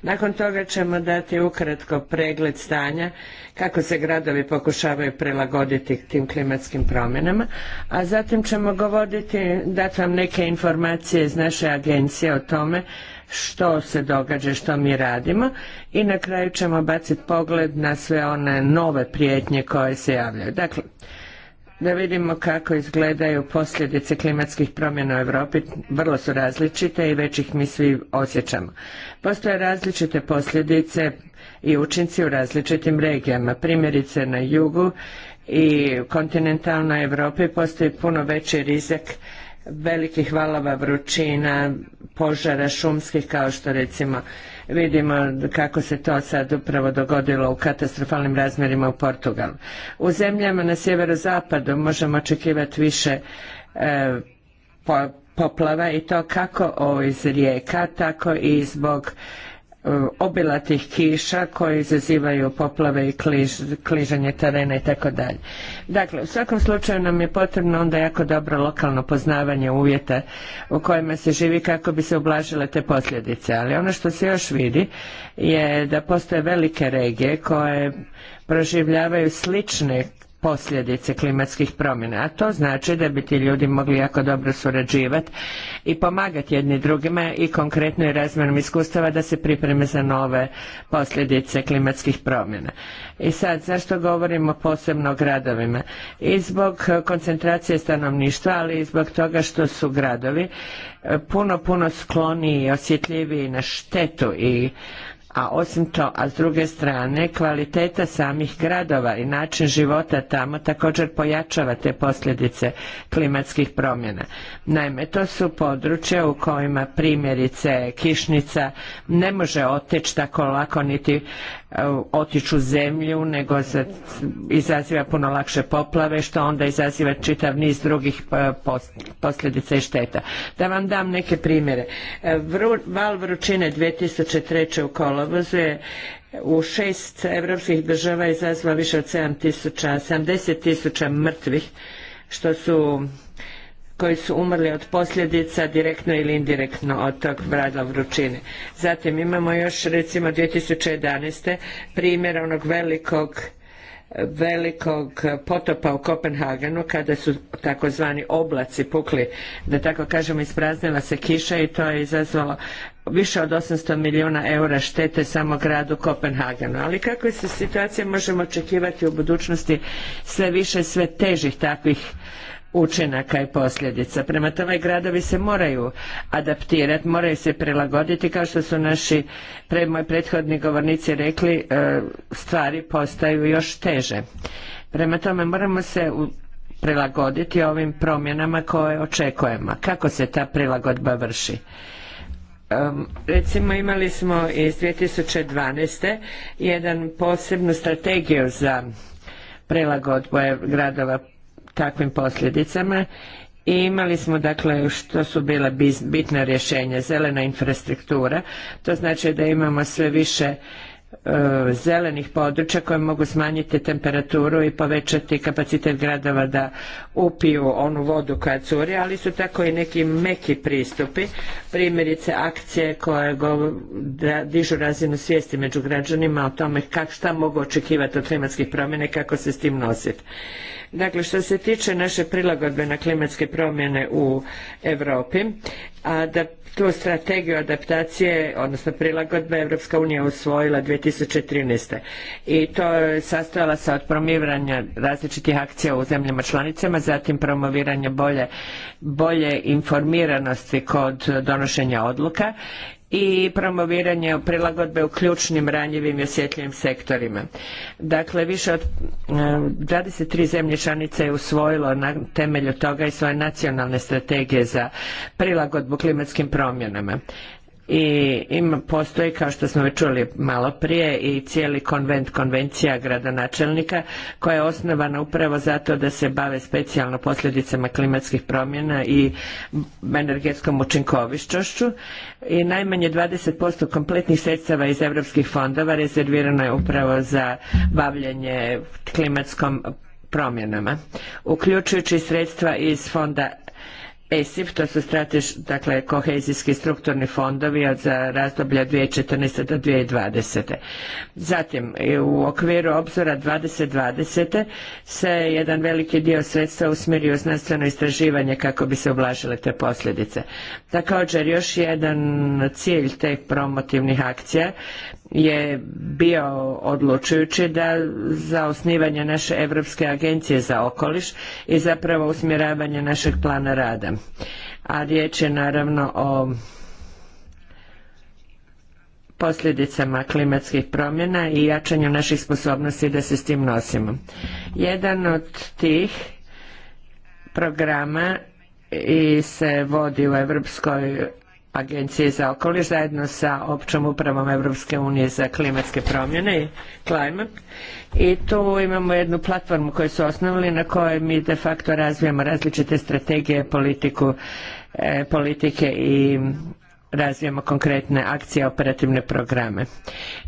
Nakon toga ćemo dati ukratko pregled stanja kako se gradovi pokušavaju prilagoditi tim klimatskim promjenama, a zatim ćemo govoriti, dati vam neke informacije iz naše agencije o tome što se događa, što mi radimo i na kraju ćemo baciti pogled na sve one nove prijetnje koje se javljaju. Dakle, da vidimo kako izgledaju posljedice klimatskih promjena u Europi. Vrlo su različite i već ih mi svi osjećamo. Postoje različite posljedice i učinci u različitim regijama. Primjerice na jugu i kontinentalnoj Europi postoji puno veći rizik velikih valova vrućina, požara šumskih kao što recimo Vidimo kako se to sad upravo dogodilo u katastrofalnim razmjerima u Portugalu. U zemljama na sjeverozapadu možemo očekivati više e, poplava i to kako iz rijeka, tako i zbog obilatih kiša koje izazivaju poplave i kliž, kližanje terena i tako dalje. Dakle, u svakom slučaju nam je potrebno onda jako dobro lokalno poznavanje uvjeta u kojima se živi kako bi se ublažile te posljedice. Ali ono što se još vidi je da postoje velike regije koje proživljavaju slične posljedice klimatskih promjena, a to znači da bi ti ljudi mogli jako dobro surađivati i pomagati jedni drugima i konkretno i razmjenom iskustava da se pripreme za nove posljedice klimatskih promjena. I sad, zašto govorimo posebno o gradovima? I zbog koncentracije stanovništva, ali i zbog toga što su gradovi e, puno, puno skloniji i osjetljiviji na štetu i a osim to, a s druge strane kvaliteta samih gradova i način života tamo također pojačava te posljedice klimatskih promjena. Naime, to su područja u kojima primjerice kišnica ne može oteći tako lako niti e, otići u zemlju, nego izaziva puno lakše poplave, što onda izaziva čitav niz drugih e, posljedica i šteta. Da vam dam neke primjere. E, val vrućine 2003. u kolo obvezuje u šest europskih država izazvalo više od tisuća, 70 tisuća mrtvih što su koji su umrli od posljedica direktno ili indirektno od tog bradla vrućine. Zatim imamo još recimo 2011. primjer onog velikog velikog potopa u Kopenhagenu kada su takozvani oblaci pukli, da tako kažemo ispraznila se kiša i to je izazvalo više od 800 milijuna eura štete samo gradu Kopenhagenu. Ali kakve se situacije možemo očekivati u budućnosti sve više sve težih takvih učinaka i posljedica. Prema tome gradovi se moraju adaptirati, moraju se prilagoditi kao što su naši moji prethodni govornici rekli e, stvari postaju još teže. Prema tome moramo se prilagoditi ovim promjenama koje očekujemo. Kako se ta prilagodba vrši? recimo imali smo iz 2012. jedan posebnu strategiju za prelagodbu gradova takvim posljedicama i imali smo dakle što su bila bitna rješenja zelena infrastruktura to znači da imamo sve više E, zelenih područja koje mogu smanjiti temperaturu i povećati kapacitet gradova da upiju onu vodu koja curi, ali su tako i neki meki pristupi, primjerice akcije koje go, dižu razinu svijesti među građanima o tome kak, šta mogu očekivati od klimatskih promjene i kako se s tim nositi. Dakle, što se tiče naše prilagodbe na klimatske promjene u Europi, a da tu strategiju adaptacije, odnosno prilagodbe Europska unija usvojila 2013. I to je sastojala se od promoviranja različitih akcija u zemljama članicama, zatim promoviranja bolje, bolje informiranosti kod donošenja odluka i promoviranje prilagodbe u ključnim ranjivim i osjetljivim sektorima. Dakle, više od 23 eh, zemlje članice je usvojilo na temelju toga i svoje nacionalne strategije za prilagodbu klimatskim promjenama i postoji, kao što smo već čuli malo prije, i cijeli konvent konvencija gradonačelnika koja je osnovana upravo zato da se bave specijalno posljedicama klimatskih promjena i energetskom učinkovišćošću i najmanje 20% kompletnih sredstava iz europskih fondova rezervirano je upravo za bavljanje klimatskom promjenama, uključujući sredstva iz fonda ESIF, to su dakle, kohezijski strukturni fondovi od za razdoblje 2014. do 2020. Zatim, u okviru obzora 2020. se jedan veliki dio sredstva usmjerio u znanstveno istraživanje kako bi se ublažile te posljedice. Također, još jedan cilj teh promotivnih akcija je bio odlučujući da za osnivanje naše Europske agencije za okoliš i zapravo usmjeravanje našeg plana rada. A riječ je naravno o posljedicama klimatskih promjena i jačanju naših sposobnosti da se s tim nosimo. Jedan od tih programa i se vodi u Europskoj Agencije za okoliš zajedno sa općom upravom Europske unije za klimatske promjene i climate. I tu imamo jednu platformu koju su osnovali na kojoj mi de facto razvijamo različite strategije, politiku, e, politike i razvijamo konkretne akcije, operativne programe.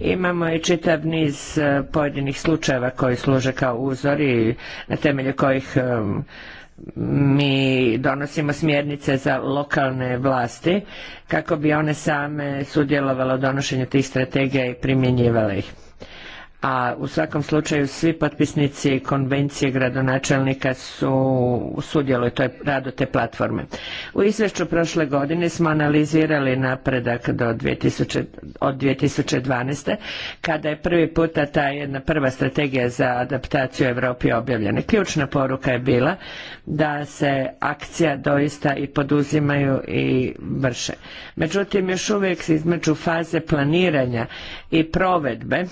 Imamo i čitav niz e, pojedinih slučajeva koji služe kao uzori na temelju kojih e, mi donosimo smjernice za lokalne vlasti kako bi one same sudjelovale u donošenju tih strategija i primjenjivale ih a u svakom slučaju svi potpisnici konvencije gradonačelnika su sudjeluju toj radu te platforme. U izvješću prošle godine smo analizirali napredak do 2000, od 2012. kada je prvi puta ta jedna prva strategija za adaptaciju Europi objavljena. Ključna poruka je bila da se akcija doista i poduzimaju i vrše. Međutim, još uvijek između faze planiranja i provedbe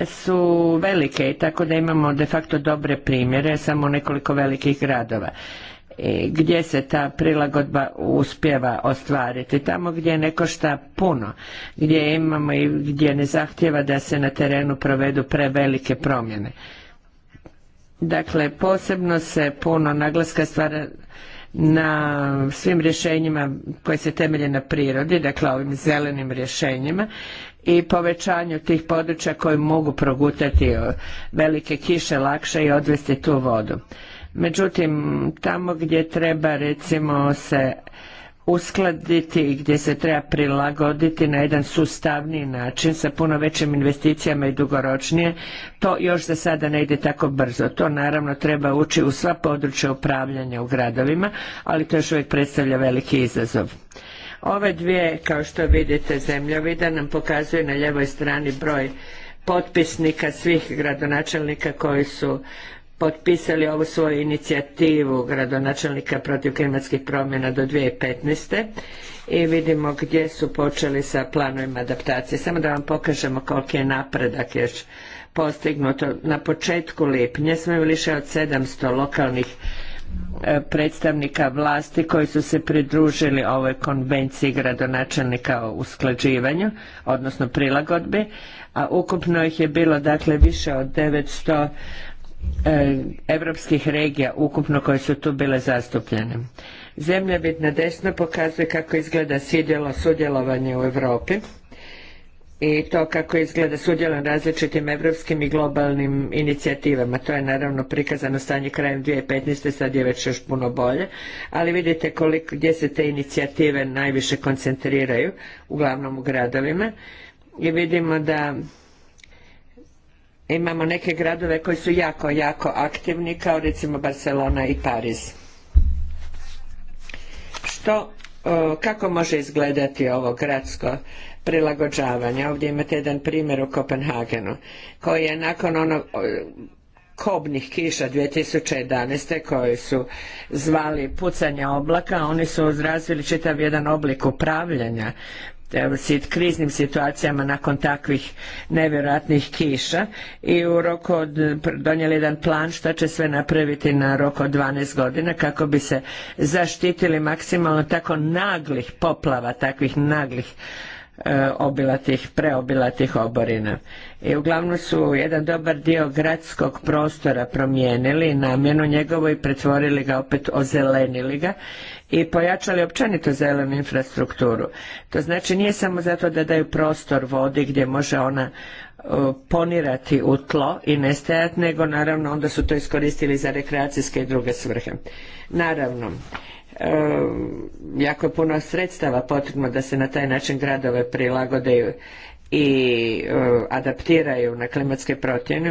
su velike i tako da imamo de facto dobre primjere samo u nekoliko velikih gradova e, gdje se ta prilagodba uspjeva ostvariti. Tamo gdje ne košta puno, gdje imamo i gdje ne zahtjeva da se na terenu provedu prevelike promjene. Dakle, posebno se puno naglaska stvara na svim rješenjima koje se temelje na prirodi, dakle ovim zelenim rješenjima i povećanju tih područja koji mogu progutati e, velike kiše lakše i odvesti tu vodu. Međutim, tamo gdje treba recimo se uskladiti i gdje se treba prilagoditi na jedan sustavniji način sa puno većim investicijama i dugoročnije, to još za sada ne ide tako brzo. To naravno treba ući u sva područja upravljanja u gradovima, ali to još uvijek predstavlja veliki izazov. Ove dvije, kao što vidite, zemljovida nam pokazuje na ljevoj strani broj potpisnika svih gradonačelnika koji su potpisali ovu svoju inicijativu gradonačelnika protiv klimatskih promjena do 2015. i vidimo gdje su počeli sa planovima adaptacije. Samo da vam pokažemo koliki je napredak još postignuto. Na početku lipnja smo imali više od 700 lokalnih E, predstavnika vlasti koji su se pridružili ovoj konvenciji gradonačelnika o usklađivanju, odnosno prilagodbi, a ukupno ih je bilo dakle više od 900 europskih regija ukupno koje su tu bile zastupljene. Zemlja na desno pokazuje kako izgleda sudjelovanje u Europi i to kako izgleda sudjelan različitim europskim i globalnim inicijativama. To je naravno prikazano stanje krajem 2015. sad je već još puno bolje, ali vidite koliko, gdje se te inicijative najviše koncentriraju, uglavnom u gradovima i vidimo da imamo neke gradove koji su jako, jako aktivni kao recimo Barcelona i Pariz. Što, kako može izgledati ovo gradsko prilagođavanja. Ovdje imate jedan primjer u Kopenhagenu koji je nakon onog kobnih kiša 2011. koji su zvali pucanje oblaka, oni su razvili čitav jedan oblik upravljanja kriznim situacijama nakon takvih nevjerojatnih kiša i u roku od, donijeli jedan plan što će sve napraviti na rok od 12 godina kako bi se zaštitili maksimalno tako naglih poplava, takvih naglih E, obilatih, preobilatih oborina. I uglavnom su jedan dobar dio gradskog prostora promijenili namjenu njegovu i pretvorili ga opet, ozelenili ga i pojačali općenito zelenu infrastrukturu. To znači nije samo zato da daju prostor vodi gdje može ona e, ponirati u tlo i nestajati, nego naravno onda su to iskoristili za rekreacijske i druge svrhe. Naravno, Ehm, jako je puno sredstava potrebno da se na taj način gradove prilagode i ehm, adaptiraju na klimatske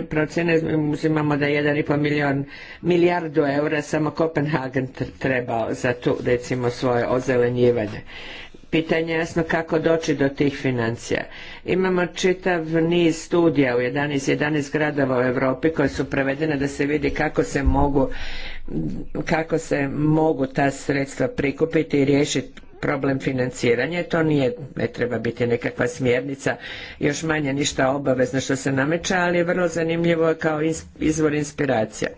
procjene. uzimamo da 1,5 milijardu eura samo Kopenhagen trebao za tu recimo svoje ozelenjivanje. Pitanje je jasno kako doći do tih financija. Imamo čitav niz studija u 11, 11 gradova u Europi koje su prevedene da se vidi kako se mogu kako se mogu ta sredstva prikupiti i riješiti problem financiranja. To nije, ne treba biti nekakva smjernica, još manje ništa obavezno što se nameća, ali je vrlo zanimljivo kao izvor inspiracija.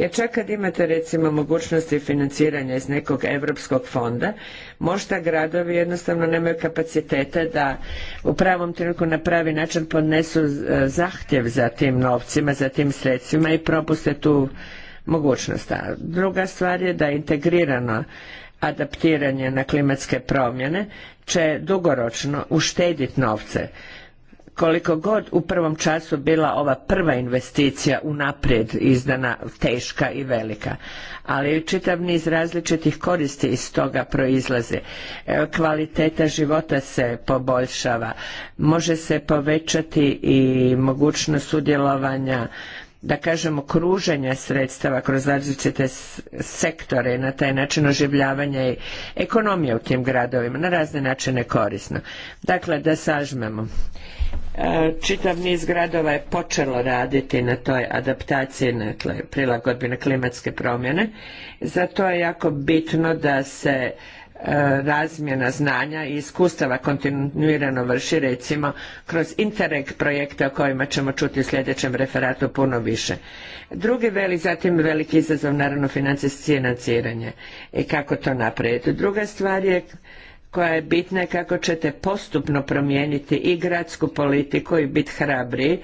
Jer čak kad imate recimo mogućnosti financiranja iz nekog europskog fonda, možda gradovi jednostavno nemaju kapacitete da u pravom trenutku na pravi način podnesu e, zahtjev za tim novcima, za tim sredstvima i propuste tu mogućnost. druga stvar je da integrirano adaptiranje na klimatske promjene će dugoročno uštediti novce koliko god u prvom času bila ova prva investicija unaprijed izdana teška i velika, ali čitav niz različitih koristi iz toga proizlaze. E, kvaliteta života se poboljšava, može se povećati i mogućnost sudjelovanja da kažemo kruženja sredstava kroz različite sektore na taj način oživljavanja i ekonomije u tim gradovima na razne načine korisno. Dakle, da sažmemo. E, čitav niz gradova je počelo raditi na toj adaptaciji na prilagodbi na klimatske promjene. Zato je jako bitno da se e, razmjena znanja i iskustava kontinuirano vrši recimo kroz Interreg projekte o kojima ćemo čuti u sljedećem referatu puno više. Drugi veli, zatim veliki izazov naravno financiranje i kako to napraviti. Druga stvar je koja je bitna kako ćete postupno promijeniti i gradsku politiku i biti hrabri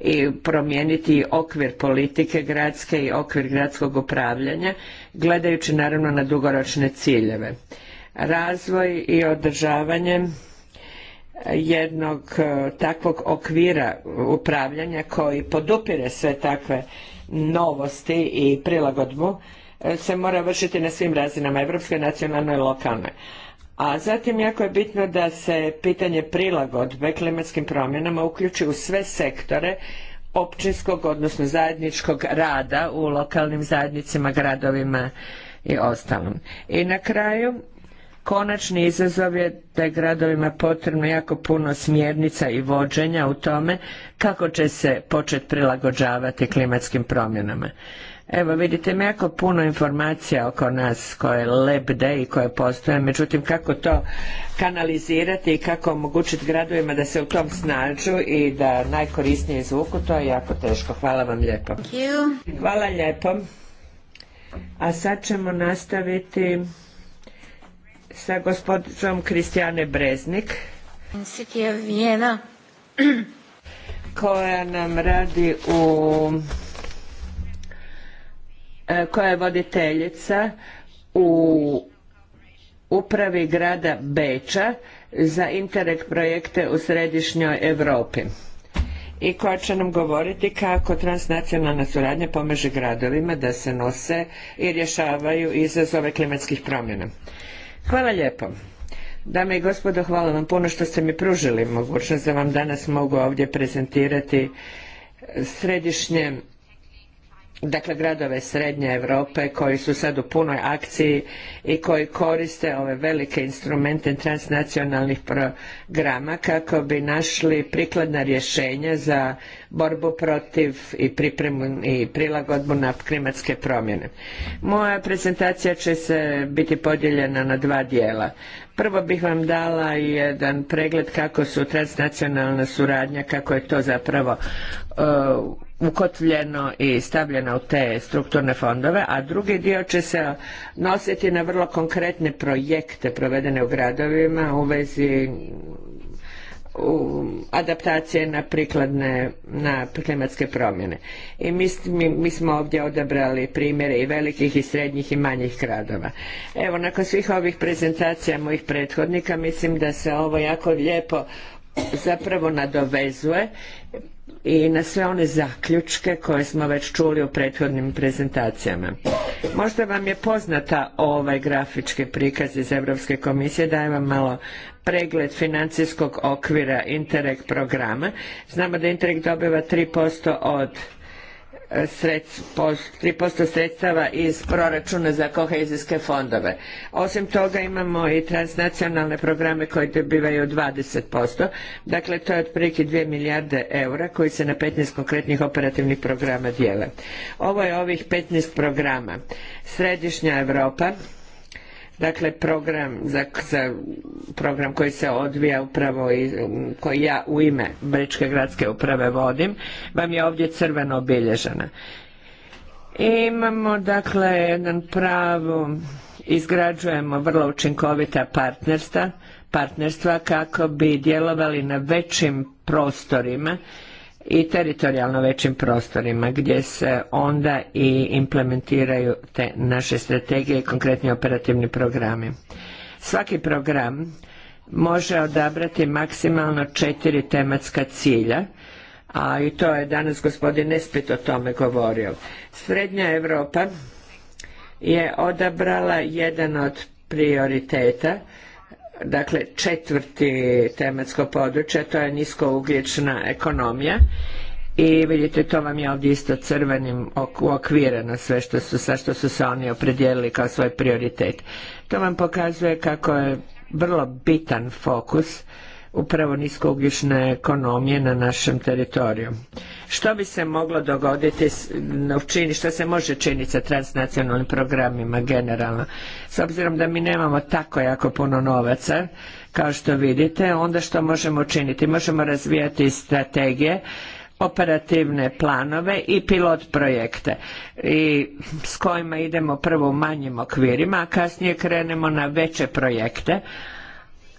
i promijeniti okvir politike gradske i okvir gradskog upravljanja, gledajući naravno na dugoročne ciljeve. Razvoj i održavanje jednog e, takvog okvira upravljanja koji podupire sve takve novosti i prilagodbu e, se mora vršiti na svim razinama, europske, nacionalne i lokalne. A zatim jako je bitno da se pitanje prilagodbe klimatskim promjenama uključi u sve sektore općinskog, odnosno zajedničkog rada u lokalnim zajednicama, gradovima i ostalom. I na kraju, konačni izazov je da je gradovima potrebno jako puno smjernica i vođenja u tome kako će se početi prilagođavati klimatskim promjenama. Evo vidite ima jako puno informacija oko nas koje lebde i koje postoje, međutim kako to kanalizirati i kako omogućiti gradovima da se u tom snađu i da najkorisnije izvuku, to je jako teško. Hvala vam lijepo. Hvala lijepo. A sad ćemo nastaviti sa gospodinom Kristijane Breznik. <clears throat> Koja nam radi u E, koja je voditeljica u upravi grada Beča za Interreg projekte u središnjoj Europi i koja će nam govoriti kako transnacionalna suradnja pomaže gradovima da se nose i rješavaju izazove klimatskih promjena. Hvala lijepo. Dame i gospodo, hvala vam puno što ste mi pružili mogućnost da vam danas mogu ovdje prezentirati središnje dakle gradove srednje Europe koji su sad u punoj akciji i koji koriste ove velike instrumente transnacionalnih programa kako bi našli prikladna rješenja za borbu protiv i pripremu i prilagodbu na klimatske promjene. Moja prezentacija će se biti podijeljena na dva dijela. Prvo bih vam dala jedan pregled kako su transnacionalna suradnja, kako je to zapravo uh, ukotvljeno i stavljeno u te strukturne fondove, a drugi dio će se nositi na vrlo konkretne projekte provedene u gradovima u vezi adaptacije na prikladne na klimatske promjene. I mi, mi, smo ovdje odabrali primjere i velikih i srednjih i manjih gradova. Evo, nakon svih ovih prezentacija mojih prethodnika, mislim da se ovo jako lijepo zapravo nadovezuje i na sve one zaključke koje smo već čuli u prethodnim prezentacijama. Možda vam je poznata ovaj grafički prikaz iz Europske komisije, dajem vam malo pregled financijskog okvira Interreg programa. Znamo da Interreg dobiva 3% od e, Sredst, 3% sredstava iz proračuna za kohezijske fondove. Osim toga imamo i transnacionalne programe koji dobivaju 20%, dakle to je otprilike 2 milijarde eura koji se na 15 konkretnih operativnih programa dijele. Ovo je ovih 15 programa. Središnja Europa, Dakle, program, za, program koji se odvija upravo i koji ja u ime Bričke gradske uprave vodim, vam je ovdje crveno obilježena. Imamo dakle jedan pravo, izgrađujemo vrlo učinkovita partnerstva, partnerstva kako bi djelovali na većim prostorima i teritorijalno većim prostorima gdje se onda i implementiraju te naše strategije i konkretni operativni programi. Svaki program može odabrati maksimalno četiri tematska cilja a i to je danas gospodin Nespit o tome govorio. Srednja Europa je odabrala jedan od prioriteta dakle četvrti tematsko područje, to je ugljična ekonomija i vidite to vam je ovdje isto crvenim uokvireno sve što su, što su se oni opredijelili kao svoj prioritet. To vam pokazuje kako je vrlo bitan fokus upravo niskougljične ekonomije na našem teritoriju. Što bi se moglo dogoditi, što se može činiti sa transnacionalnim programima generalno? S obzirom da mi nemamo tako jako puno novaca, kao što vidite, onda što možemo činiti? Možemo razvijati strategije, operativne planove i pilot projekte i s kojima idemo prvo u manjim okvirima, a kasnije krenemo na veće projekte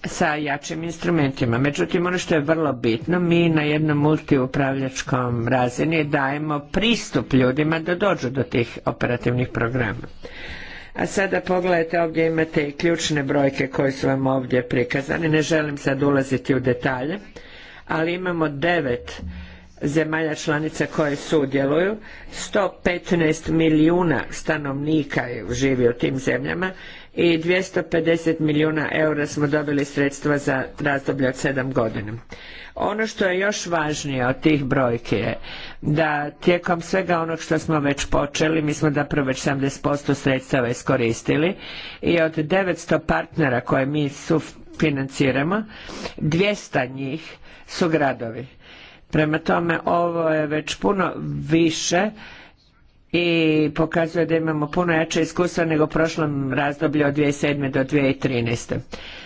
sa jačim instrumentima. Međutim, ono što je vrlo bitno, mi na jednom multiupravljačkom razini dajemo pristup ljudima da dođu do tih operativnih programa. A sada pogledajte, ovdje imate i ključne brojke koje su vam ovdje prikazane. Ne želim sad ulaziti u detalje, ali imamo devet zemalja članica koje sudjeluju, 115 milijuna stanovnika živi u tim zemljama i 250 milijuna eura smo dobili sredstva za razdoblje od sedam godina. Ono što je još važnije od tih brojki je da tijekom svega onog što smo već počeli, mi smo zapravo već 70% sredstava iskoristili i od 900 partnera koje mi sufinanciramo, 200 njih su gradovi. Prema tome, ovo je već puno više i pokazuje da imamo puno jače iskustva nego u prošlom razdoblju od 2007. do 2013.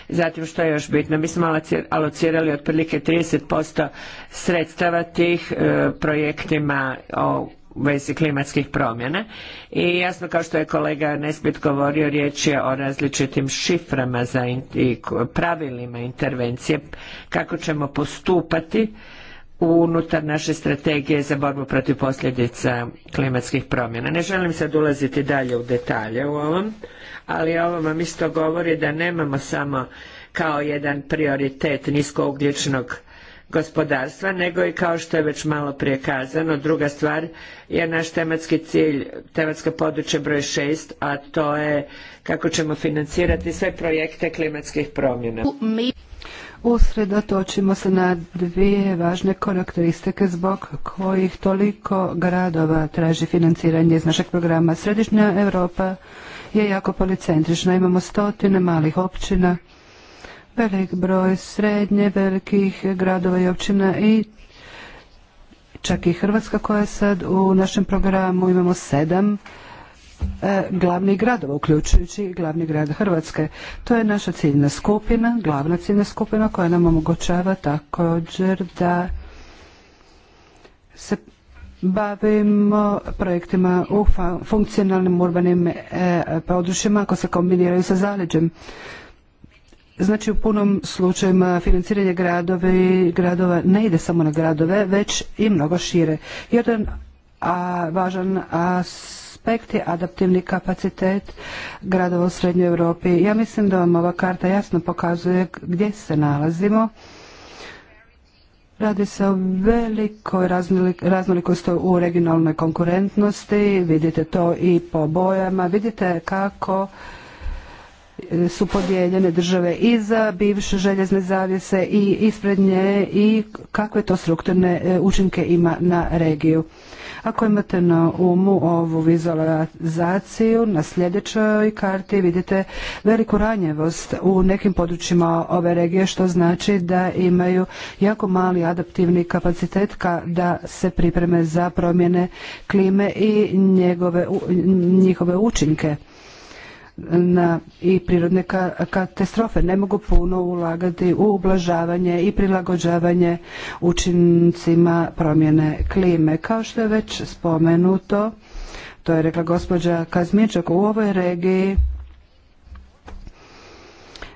Zatim što je još bitno, mi smo alocirali otprilike 30% sredstava tih e, projektima o vezi klimatskih promjena i jasno kao što je kolega Nesbit govorio riječ je o različitim šiframa za i pravilima intervencije kako ćemo postupati unutar naše strategije za borbu protiv posljedica klimatskih promjena. Ne želim sad ulaziti dalje u detalje u ovom, ali ovo vam isto govori da nemamo samo kao jedan prioritet niskougljičnog gospodarstva, nego i kao što je već malo prije kazano, druga stvar je naš tematski cilj, tematsko područje broj 6, a to je kako ćemo financirati sve projekte klimatskih promjena usredotočimo se na dvije važne karakteristike zbog kojih toliko gradova traži financiranje iz našeg programa. Središnja Europa je jako policentrična. Imamo stotine malih općina, velik broj srednje, velikih gradova i općina i čak i Hrvatska koja je sad u našem programu imamo sedam E, glavnih gradova, uključujući glavni grad Hrvatske. To je naša ciljna skupina, glavna ciljna skupina koja nam omogućava također da se bavimo projektima u funkcionalnim urbanim e, područjima ako se kombiniraju sa zaleđem. Znači u punom slučajima financiranje gradovi, gradova ne ide samo na gradove, već i mnogo šire. Jedan važan as aspekti, adaptivni kapacitet gradova u Srednjoj Europi. Ja mislim da vam ova karta jasno pokazuje gdje se nalazimo. Radi se o velikoj raznolikosti u regionalnoj konkurentnosti, vidite to i po bojama, vidite kako su podijeljene države iza bivše željezne zavjese i ispred nje i kakve to strukturne e, učinke ima na regiju. Ako imate na umu ovu vizualizaciju, na sljedećoj karti vidite veliku ranjevost u nekim područjima ove regije, što znači da imaju jako mali adaptivni kapacitet da se pripreme za promjene klime i njihove učinke na, i prirodne katastrofe. Ne mogu puno ulagati u ublažavanje i prilagođavanje učincima promjene klime. Kao što je već spomenuto, to je rekla gospođa Kazmičak, u ovoj regiji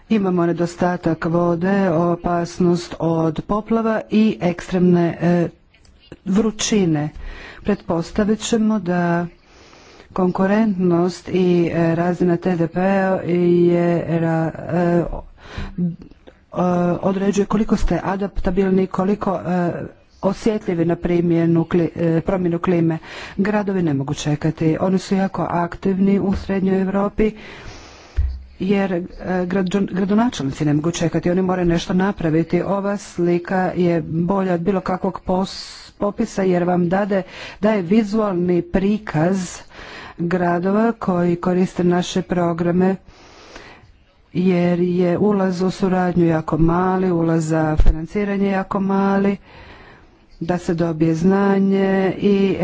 Imamo nedostatak vode, opasnost od poplava i ekstremne e, vrućine. Pretpostavit ćemo da konkurentnost i e, razina TDP p-a je ra, e, e, određuje koliko ste adaptabilni, koliko osjetljivi na primjenu promjenu klime. Gradovi ne mogu čekati. Oni su jako aktivni u srednjoj Europi jer gradonačelnici ne mogu čekati, oni moraju nešto napraviti. Ova slika je bolja od bilo kakvog popisa jer vam dade, daje vizualni prikaz gradova koji koriste naše programe jer je ulaz u suradnju jako mali, ulaz za financiranje jako mali da se dobije znanje i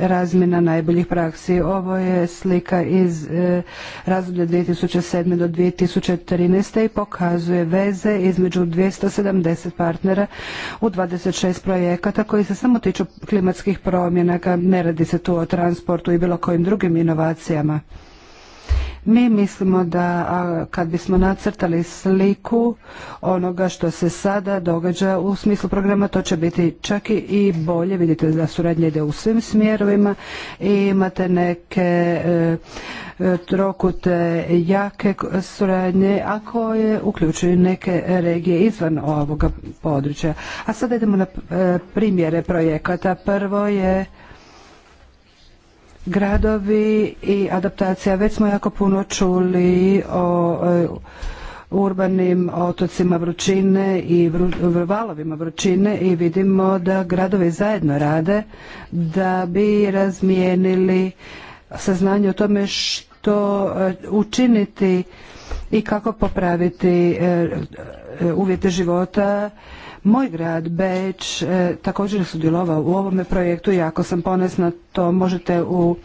razmjena najboljih praksi. Ovo je slika iz e, razdoblja 2007. do 2013. i pokazuje veze između 270 partnera u 26 projekata koji se samo tiču klimatskih promjena. Ne radi se tu o transportu i bilo kojim drugim inovacijama. Mi mislimo da kad bismo nacrtali sliku onoga što se sada događa u smislu programa, to će biti čak i bolje. Vidite da suradnja ide u svim smjerovima i imate neke e, e, trokute jake suradnje, a koje uključuju neke regije izvan ovoga područja. A sada idemo na e, primjere projekata. Prvo je gradovi i adaptacija. Već smo jako puno čuli o e, urbanim otocima vrućine i valovima vrućine i vidimo da gradovi zajedno rade da bi razmijenili saznanje o tome što e, učiniti i kako popraviti e, uvjete života moj grad Beč e, također je sudjelovao u ovome projektu i ako sam ponesna to možete u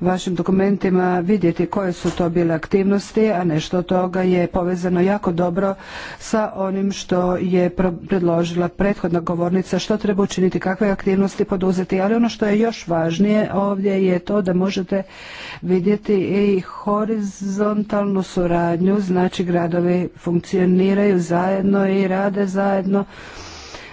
vašim dokumentima vidjeti koje su to bile aktivnosti, a nešto toga je povezano jako dobro sa onim što je predložila prethodna govornica, što treba učiniti, kakve aktivnosti poduzeti, ali ono što je još važnije ovdje je to da možete vidjeti i horizontalnu suradnju, znači gradovi funkcioniraju zajedno i rade zajedno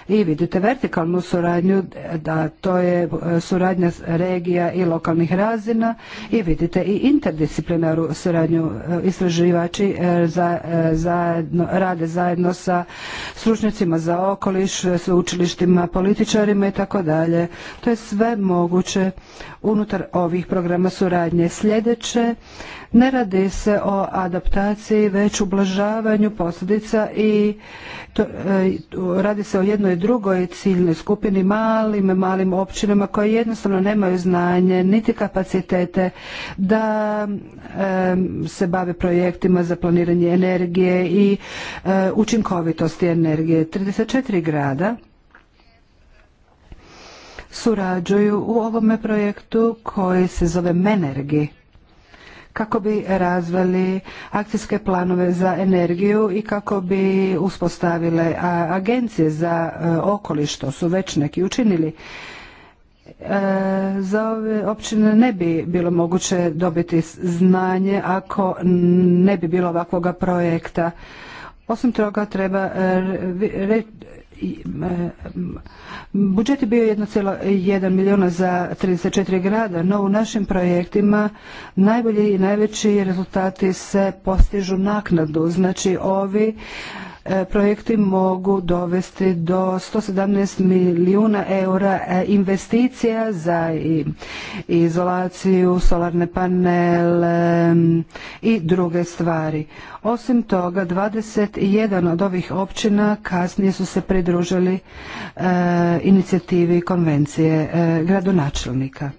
i vidite vertikalnu suradnju, da to je e, suradnja regija i lokalnih razina i vidite i interdisciplinaru suradnju e, istraživači e, za, zajedno, rade zajedno sa stručnjacima za okoliš, sveučilištima, političarima i tako dalje. To je sve moguće unutar ovih programa suradnje. Sljedeće, ne radi se o adaptaciji, već ublažavanju posljedica i to, radi se o jednoj drugoj ciljnoj skupini, malim, malim općinama koje jednostavno nemaju znanje niti kapacitete da se bave projektima za planiranje energije i e, učinkovitosti energije. 34 grada surađuju u ovome projektu koji se zove Menergi kako bi razvili akcijske planove za energiju i kako bi uspostavile agencije za e, okoliš, što su već neki učinili. E, za ove općine ne bi bilo moguće dobiti znanje ako ne bi bilo ovakvoga projekta. Osim toga treba e, budžet je bio 1,1 milijuna za 34 grada, no u našim projektima najbolji i najveći rezultati se postižu naknadu. Znači ovi E, projekti mogu dovesti do 117 milijuna eura e, investicija za izolaciju, solarne panele i druge stvari. Osim toga, 21 od ovih općina kasnije su se pridružili e, inicijativi konvencije gradonačelnika.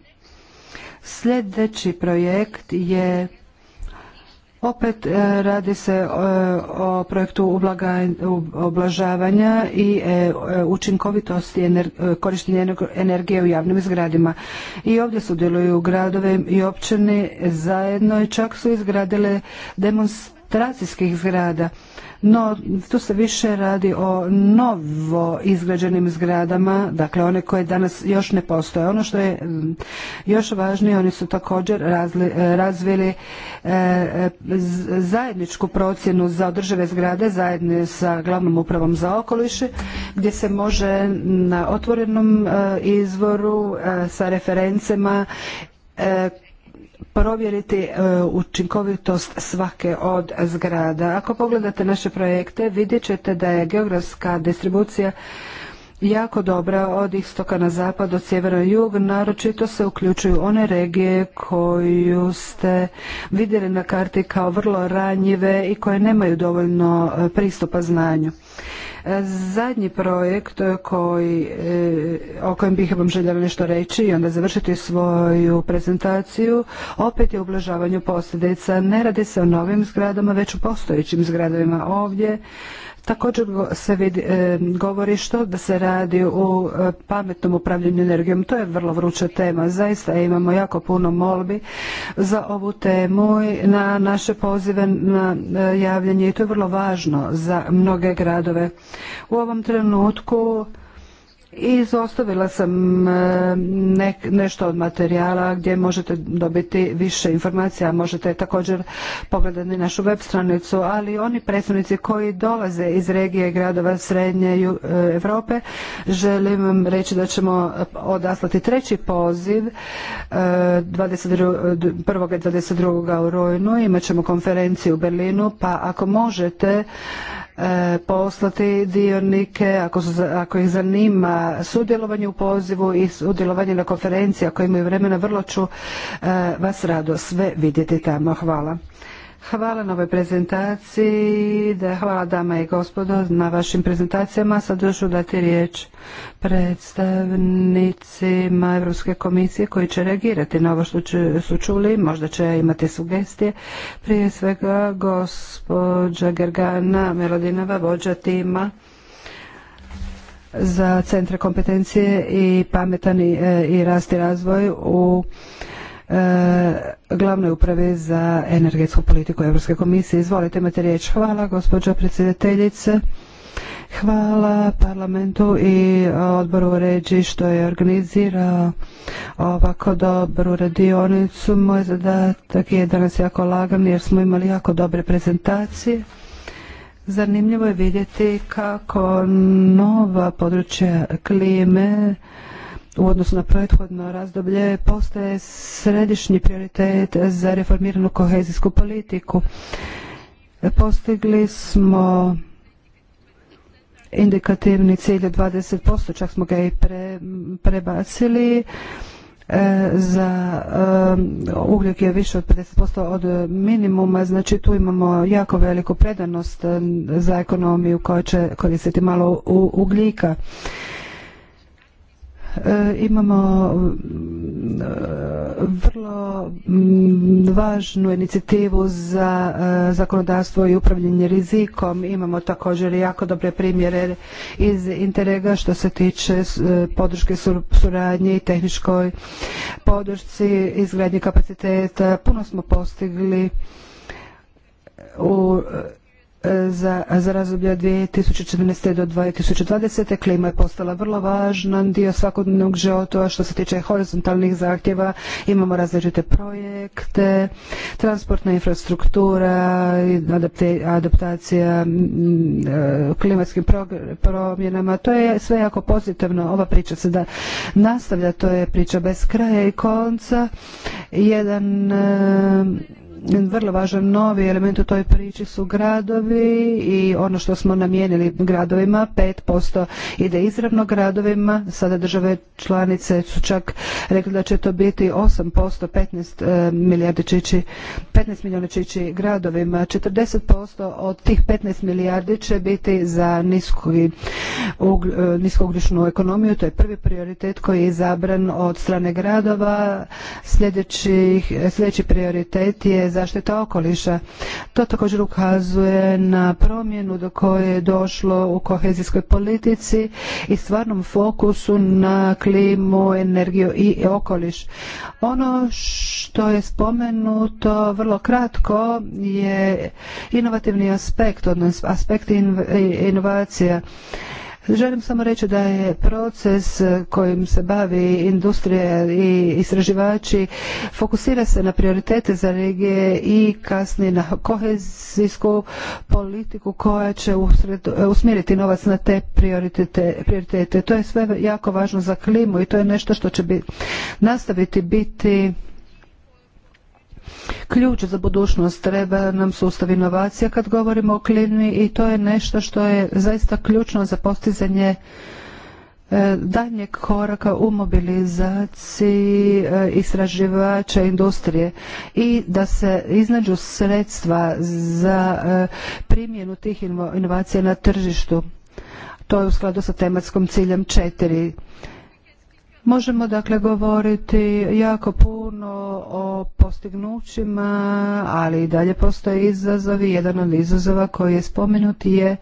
Sljedeći projekt je opet e, radi se e, o projektu ublažavanja i e, učinkovitosti korištenja energije u javnim zgradima. I ovdje sudjeluju gradove i općine zajedno i čak su izgradile demonstracije tracijskih zgrada, no tu se više radi o novo izgrađenim zgradama, dakle one koje danas još ne postoje. Ono što je mm, još važnije, oni su također razli, e, razvili e, zajedničku procjenu za održave zgrade zajedno sa glavnom upravom za okoliše, gdje se može na otvorenom e, izvoru sa referencema provjeriti e, učinkovitost svake od zgrada. Ako pogledate naše projekte vidjet ćete da je geografska distribucija jako dobra od istoka na zapad, od sjevera i jug, naročito se uključuju one regije koju ste vidjeli na karti kao vrlo ranjive i koje nemaju dovoljno e, pristupa znanju. Zadnji projekt koji, e, o kojem bih vam željela nešto reći i onda završiti svoju prezentaciju, opet je ublažavanju posljedica. Ne radi se o novim zgradama, već o postojećim zgradovima ovdje. Također se e, govori što da se radi u e, pametnom upravljanju energijom. To je vrlo vruća tema. Zaista imamo jako puno molbi za ovu temu i na naše pozive na e, javljanje i to je vrlo važno za mnoge gradove. U ovom trenutku Izostavila sam e, nešto od materijala gdje možete dobiti više informacija, možete također pogledati našu web stranicu, ali oni predstavnici koji dolaze iz regije gradova Srednje e, Europe, želim vam reći da ćemo odaslati treći poziv 21. E, i 22. u rujnu, imat ćemo konferenciju u Berlinu, pa ako možete E, poslati dionike ako, ako ih zanima sudjelovanje u pozivu i sudjelovanje na konferenciji ako imaju vremena vrlo ću e, vas rado sve vidjeti tamo. Hvala. Hvala na ovoj prezentaciji, da hvala dama i gospodo na vašim prezentacijama. Sad ću dati riječ predstavnicima Europske komisije koji će reagirati na ovo što su čuli, možda će imati sugestije. Prije svega gospođa Gergana Melodinova, vođa tima za centre kompetencije i pametan i, rasti e, rast i razvoj u E, glavnoj upravi za energetsku politiku Europske komisije. Izvolite, imate riječ. Hvala, gospođo predsjedateljice. Hvala parlamentu i odboru ređi što je organizirao ovako dobru radionicu. Moj zadatak je danas jako lagan jer smo imali jako dobre prezentacije. Zanimljivo je vidjeti kako nova područja klime u odnosu na prethodno razdoblje postaje središnji prioritet za reformiranu kohezijsku politiku. Postigli smo indikativni cilj od 20%, čak smo ga i prebacili. E, za e, ugljik je više od 50% od minimuma, znači tu imamo jako veliku predanost za ekonomiju koja će koristiti malo ugljika. E, imamo mm, e, vrlo mm, važnu inicijativu za e, zakonodavstvo i upravljanje rizikom. Imamo također jako dobre primjere iz Interega što se tiče podrške suradnje i tehničkoj podršci, izgradnje kapaciteta. Puno smo postigli u E, za, za razdoblje od 2014. do 2020. klima je postala vrlo važna, dio svakodnevnog života što se tiče horizontalnih zahtjeva imamo različite projekte transportna infrastruktura adaptacija e, klimatskim promjenama to je sve jako pozitivno ova priča se da nastavlja to je priča bez kraja i konca jedan e, vrlo važan novi element u toj priči su gradovi i ono što smo namijenili gradovima, 5% ide izravno gradovima, sada države članice su čak rekli da će to biti 8%, 15 eh, milijardi će 15 milijuna će ići gradovima, 40% od tih 15 milijardi će biti za e, niskougljičnu ekonomiju, to je prvi prioritet koji je izabran od strane gradova, sljedeći, sljedeći prioritet je zaštita okoliša. To također ukazuje na promjenu do koje je došlo u kohezijskoj politici i stvarnom fokusu na klimu, energiju i okoliš. Ono što je spomenuto vrlo vrlo kratko je inovativni aspekt, odnosno aspekt inovacija. Želim samo reći da je proces kojim se bavi industrija i istraživači fokusira se na prioritete za regije i kasnije na kohezijsku politiku koja će usred, usmjeriti novac na te prioritete, prioritete. To je sve jako važno za klimu i to je nešto što će nastaviti biti Ključ za budućnost treba nam sustav inovacija kad govorimo o klimi i to je nešto što je zaista ključno za postizanje e, daljnjeg koraka u mobilizaciji e, istraživača industrije i da se iznađu sredstva za e, primjenu tih inovacija na tržištu. To je u skladu sa tematskom ciljem četiri Možemo dakle govoriti jako puno o postignućima, ali i dalje postoje izazovi. Jedan od izazova koji je spomenut je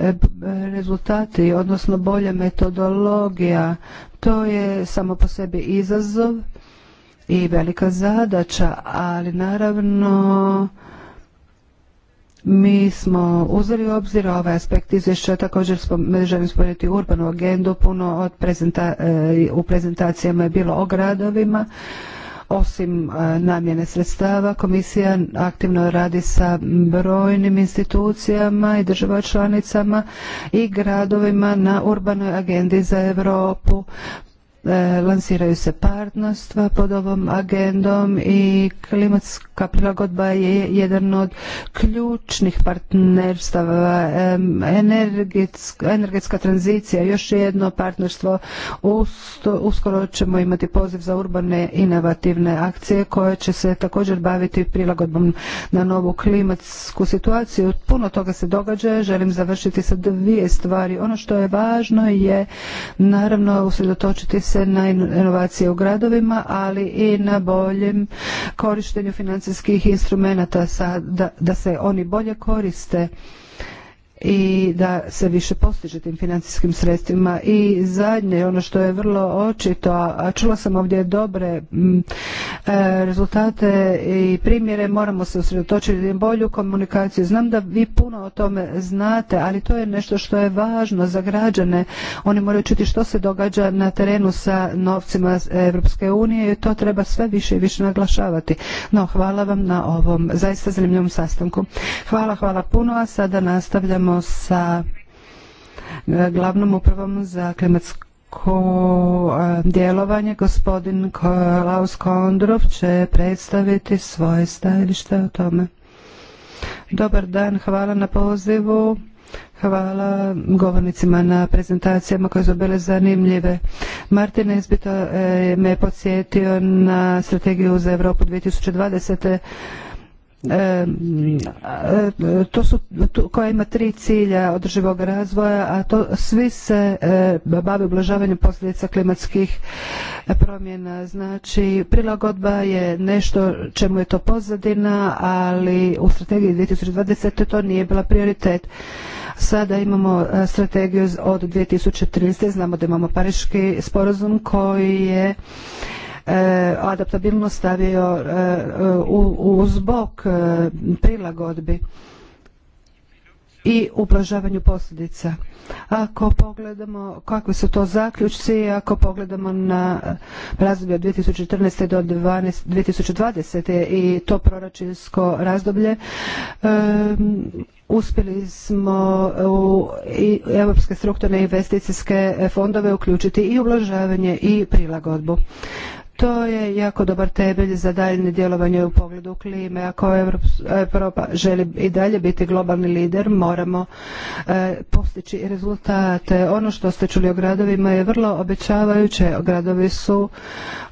e, rezultati, odnosno bolja metodologija. To je samo po sebi izazov i velika zadaća, ali naravno mi smo uzeli obzir ovaj aspekt izvješća, također želim spomenuti urbanu agendu, puno e, u prezentacijama je bilo o gradovima, osim e, namjene sredstava, komisija aktivno radi sa brojnim institucijama i država članicama i gradovima na urbanoj agendi za Europu. E, lansiraju se partnerstva pod ovom agendom i klimatska prilagodba je jedan od ključnih partnerstava. Energetska, tranzicija, još jedno partnerstvo, uskoro ćemo imati poziv za urbane inovativne akcije koje će se također baviti prilagodbom na novu klimatsku situaciju. Puno toga se događa, želim završiti sa dvije stvari. Ono što je važno je naravno usredotočiti se se na inovacije u gradovima, ali i na boljem korištenju financijskih instrumenata da, da se oni bolje koriste i da se više postiže tim financijskim sredstvima. I zadnje, ono što je vrlo očito, a čula sam ovdje dobre mm, e, rezultate i primjere, moramo se usredotočiti na bolju komunikaciju. Znam da vi puno o tome znate, ali to je nešto što je važno za građane. Oni moraju čuti što se događa na terenu sa novcima Europske unije i to treba sve više i više naglašavati. No, hvala vam na ovom zaista zanimljivom sastanku. Hvala, hvala puno, a sada nastavljamo sa e, glavnom upravom za klimatsko e, djelovanje gospodin Klaus Kondrov će predstaviti svoje stajalište o tome. Dobar dan, hvala na pozivu. Hvala govornicima na prezentacijama koje su bile zanimljive. Martin Esbito e, me podsjetio na strategiju za Europu 2020 to su, koja ima tri cilja održivog razvoja, a to svi se bave ublažavanjem posljedica klimatskih promjena. Znači, prilagodba je nešto čemu je to pozadina, ali u strategiji 2020. to nije bila prioritet. Sada imamo strategiju od 2013. Znamo da imamo Pariški sporazum koji je E, adaptabilno stavio e, uz bok e, prilagodbi i ublažavanju posljedica. Ako pogledamo kakvi su to zaključci, ako pogledamo na razdoblje od 2014. do 2020. i to proračunsko razdoblje, uspjeli smo u europske strukturne investicijske fondove uključiti i ublažavanje i prilagodbu. To je jako dobar temelj za daljnje djelovanje u pogledu klime. Ako Europa želi i dalje biti globalni lider, moramo e, postići rezultate. Ono što ste čuli o gradovima je vrlo obećavajuće. Gradovi su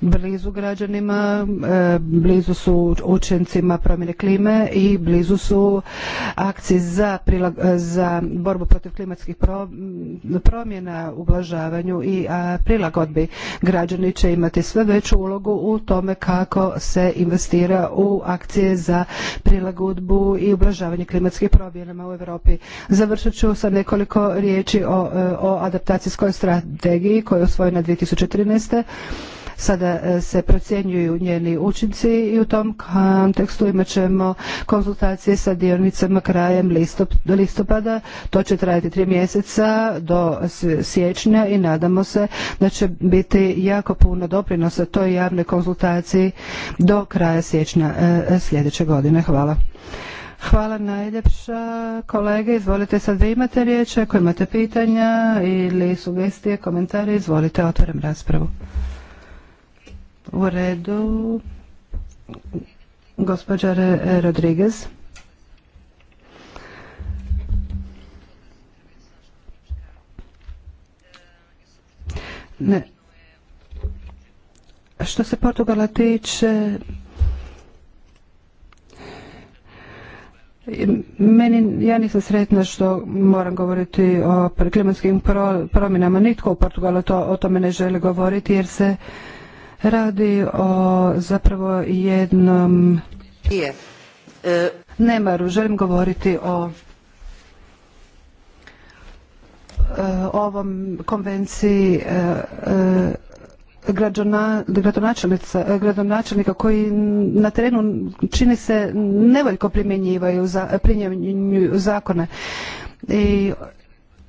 blizu građanima, e, blizu su učencima promjene klime i blizu su akciji za, e, borbu protiv klimatskih promjena, ublažavanju i prilagodbi. Građani će imati sve veću ulogu u tome kako se investira u akcije za prilagodbu i ublažavanje klimatskih promjena u Europi. Završit ću sa nekoliko riječi o, e, adaptacijskoj strategiji koja je osvojena 2013 Sada e, se procjenjuju njeni učinci i u tom kontekstu imat ćemo konzultacije sa dionicama krajem listopada. To će trajati tri mjeseca do siječnja i nadamo se da će biti jako puno doprinosa toj javnoj konzultaciji do kraja siječnja e, sljedeće godine. Hvala. Hvala najljepša kolege. Izvolite sad vi imate riječ. Ako imate pitanja ili sugestije, komentare, izvolite, otvorem raspravu. U redu. Gospođa Rodriguez. Što se Portugala tiče, ja nisam sretna što moram govoriti o klimatskim promjenama. Nitko u Portugalu to, o tome ne želi govoriti jer se radi o zapravo jednom e, nemaru. Želim govoriti o e, ovom konvenciji e, gradonačelnika koji na terenu čini se nevoljko primjenjivaju primjenjuju zakone i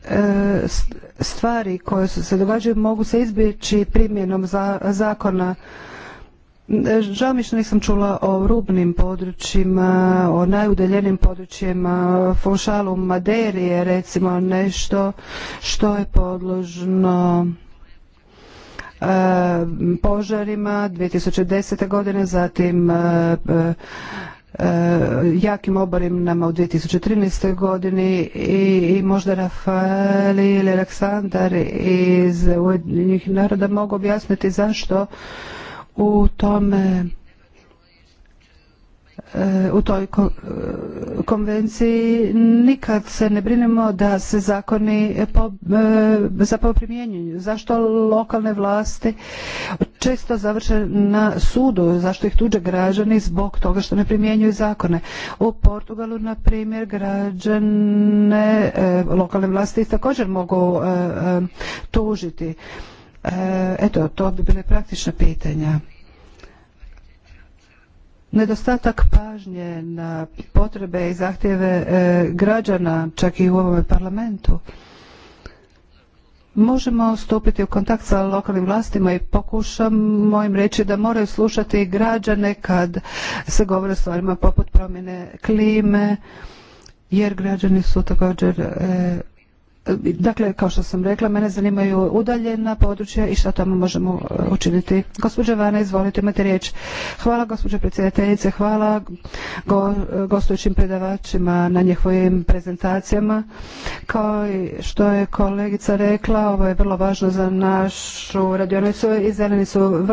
E, stvari koje se događaju mogu se izbjeći primjenom zakona. E, žao mi što nisam čula o rubnim područjima, o najudeljenim područjima, funšalu Maderije recimo nešto što je podložno e, požarima 2010. godine, zatim Eh, jakim nama u 2013. godini i, možda Rafael ili Aleksandar iz Ujedinjenih naroda mogu objasniti zašto u tome u toj konvenciji nikad se ne brinemo da se zakoni e, zapravo primjenjuju. Zašto lokalne vlasti često završe na sudu, zašto ih tuđe građani zbog toga što ne primjenjuju zakone. U Portugalu, na primjer, građane e, lokalne vlasti također mogu e, tužiti. Eto, to bi bile praktična pitanja nedostatak pažnje na potrebe i zahtjeve e, građana, čak i u ovom parlamentu. Možemo stupiti u kontakt sa lokalnim vlastima i pokušam, mojim reći da moraju slušati građane kad se govore o stvarima poput promjene klime, jer građani su također e, Dakle, kao što sam rekla, mene zanimaju udaljena područja i šta tamo možemo e, učiniti. Gospođa Vana, izvolite, imate riječ. Hvala gospođo predsjedateljice, hvala go, gostujućim predavačima na njihovim prezentacijama. Kao i što je kolegica rekla, ovo je vrlo važno za našu radionicu i zeleni su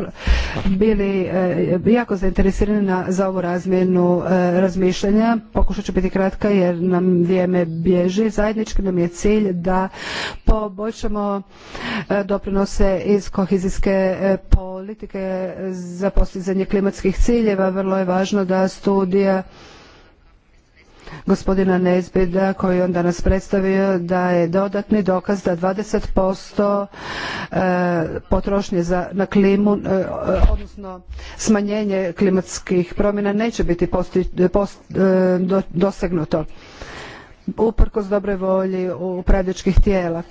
bili e, jako zainteresirani na, za ovu razmjenu e, razmišljanja. Pokušat ću biti kratka jer nam vrijeme bježi. Zajednički nam je cilj da poboljšamo e, doprinose iz kohezijske e, politike za postizanje klimatskih ciljeva. Vrlo je važno da studija gospodina Nezbida koji on danas predstavio da je dodatni dokaz da 20% e, potrošnje za, na klimu, odnosno smanjenje klimatskih promjena neće biti dosegnuto uprkos dobroj volji upravljačkih tijela.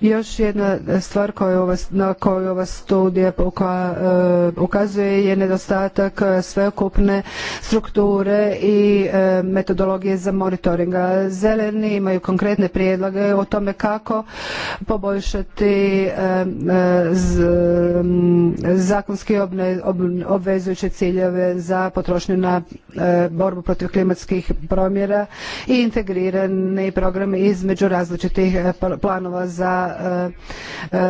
Još jedna stvar na koju ova studija e, ukazuje je nedostatak e, sveokupne strukture i e, metodologije za monitoringa. Zeleni imaju konkretne prijedloge o tome kako poboljšati zakonski obvezujuće ciljeve za potrošnju na borbu protiv klimatskih promjera i integrirani program između različitih planova za za e, e,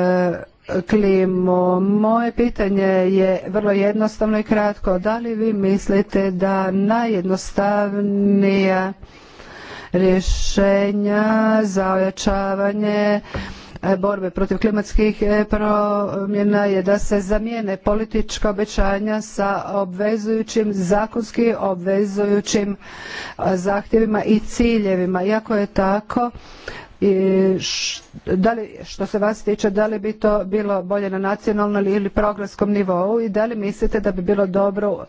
klimu. Moje pitanje je vrlo jednostavno i kratko. Da li vi mislite da najjednostavnija rješenja za ojačavanje e, borbe protiv klimatskih promjena je da se zamijene politička obećanja sa obvezujućim, zakonski obvezujućim zahtjevima i ciljevima. Iako je tako, i š, da li, što se vas tiče, da li bi to bilo bolje na nacionalnom ili programskom nivou i da li mislite da bi bilo dobro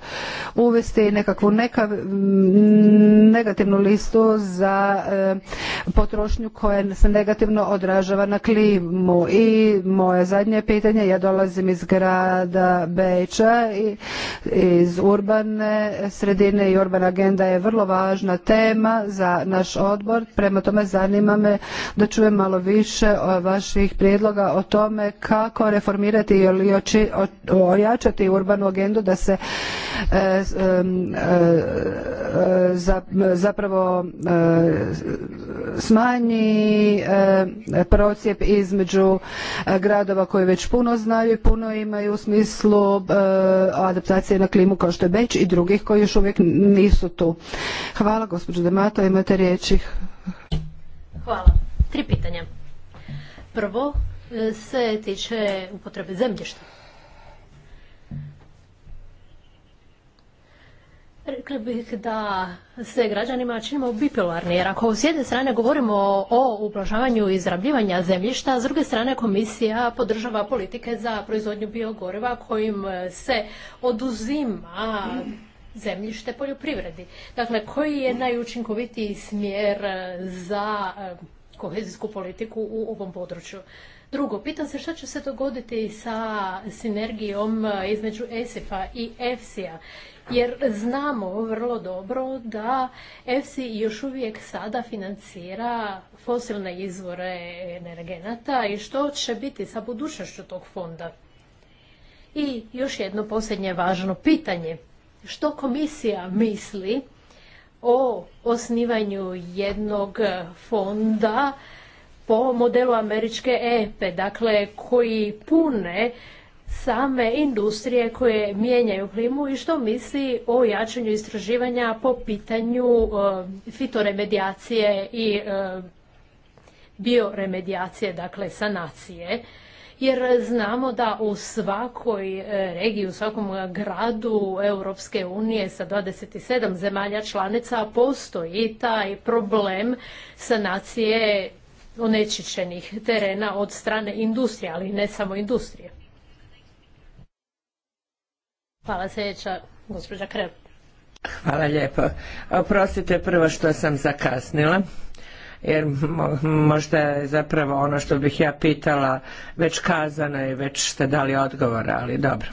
uvesti nekakvu neka, negativnu listu za e, potrošnju koja se negativno odražava na klimu. I moje zadnje pitanje, ja dolazim iz grada Beča i iz urbane sredine i urbana agenda je vrlo važna tema za naš odbor, prema tome zanima me da čujem malo više vaših prijedloga o tome kako reformirati ili ojačati urbanu agendu da se e, e, e, zapravo smanji procjep između gradova koji već puno znaju i puno imaju u smislu adaptacije na klimu kao što je Beć i drugih koji još uvijek nisu tu. Hvala gospođo Demato, imate riječi. Hvala tri pitanja. Prvo e, se tiče upotrebe zemljišta. Rekli bih da se građanima činimo bipolarni, jer ako s jedne strane govorimo o ublažavanju izrabljivanja zemljišta, s druge strane komisija podržava politike za proizvodnju biogoriva kojim e, se oduzima zemljište poljoprivredi. Dakle, koji je najučinkovitiji smjer e, za kohezijsku politiku u ovom području. Drugo, pitam se šta će se dogoditi sa sinergijom između ESIF-a i EFSI-a, jer znamo vrlo dobro da EFSI još uvijek sada financira fosilne izvore energenata i što će biti sa budućnošću tog fonda. I još jedno posljednje važno pitanje. Što komisija misli o osnivanju jednog fonda po modelu američke EPE, e, dakle koji pune same industrije koje mijenjaju klimu i što misli o jačanju istraživanja po pitanju fitoremediacije fitoremedijacije i bioremediacije, bioremedijacije, dakle sanacije jer znamo da u svakoj e, regiji, u svakom gradu Europske unije sa 27 zemalja članica postoji taj problem sanacije onečišćenih terena od strane industrije, ali ne samo industrije. Hvala sljedeća, gospođa Krep. Hvala lijepo. Oprostite prvo što sam zakasnila jer možda je zapravo ono što bih ja pitala već kazano i već ste dali odgovor, ali dobro.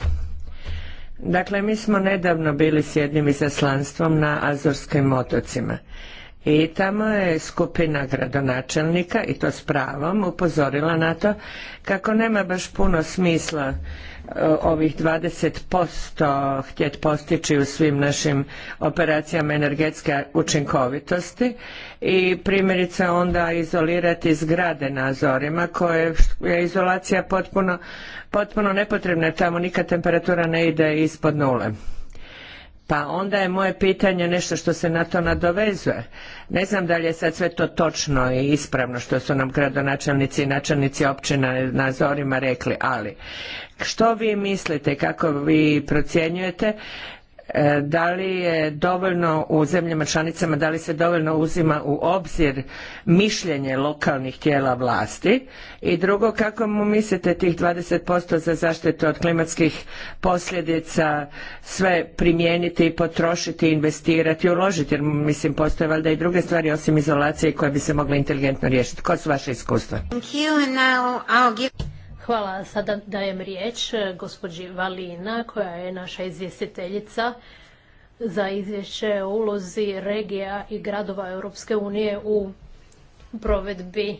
Dakle, mi smo nedavno bili s jednim izaslanstvom na Azorskim otocima i tamo je skupina gradonačelnika, i to s pravom, upozorila na to kako nema baš puno smisla Eh, ovih 20% htjeti postići u svim našim operacijama energetske učinkovitosti i primjerice onda izolirati zgrade na Azorima koje je izolacija potpuno, potpuno nepotrebna jer tamo nikad temperatura ne ide ispod nule. Pa onda je moje pitanje nešto što se na to nadovezuje. Ne znam da li je sad sve to točno i ispravno što su nam gradonačelnici i načelnici općina na Zorima rekli, ali što vi mislite, kako vi procjenjujete e, da li je dovoljno u zemljama članicama, da li se dovoljno uzima u obzir mišljenje lokalnih tijela vlasti i drugo, kako mu mislite tih 20% za zaštitu od klimatskih posljedica sve primijeniti i potrošiti, investirati, uložiti jer mislim postoje valjda i druge stvari osim izolacije koje bi se mogle inteligentno riješiti. Koje su vaše iskustva? Hvala. Sada dajem riječ eh, gospođi Valina koja je naša izvjestiteljica za izvješće o ulozi regija i gradova Europske unije u provedbi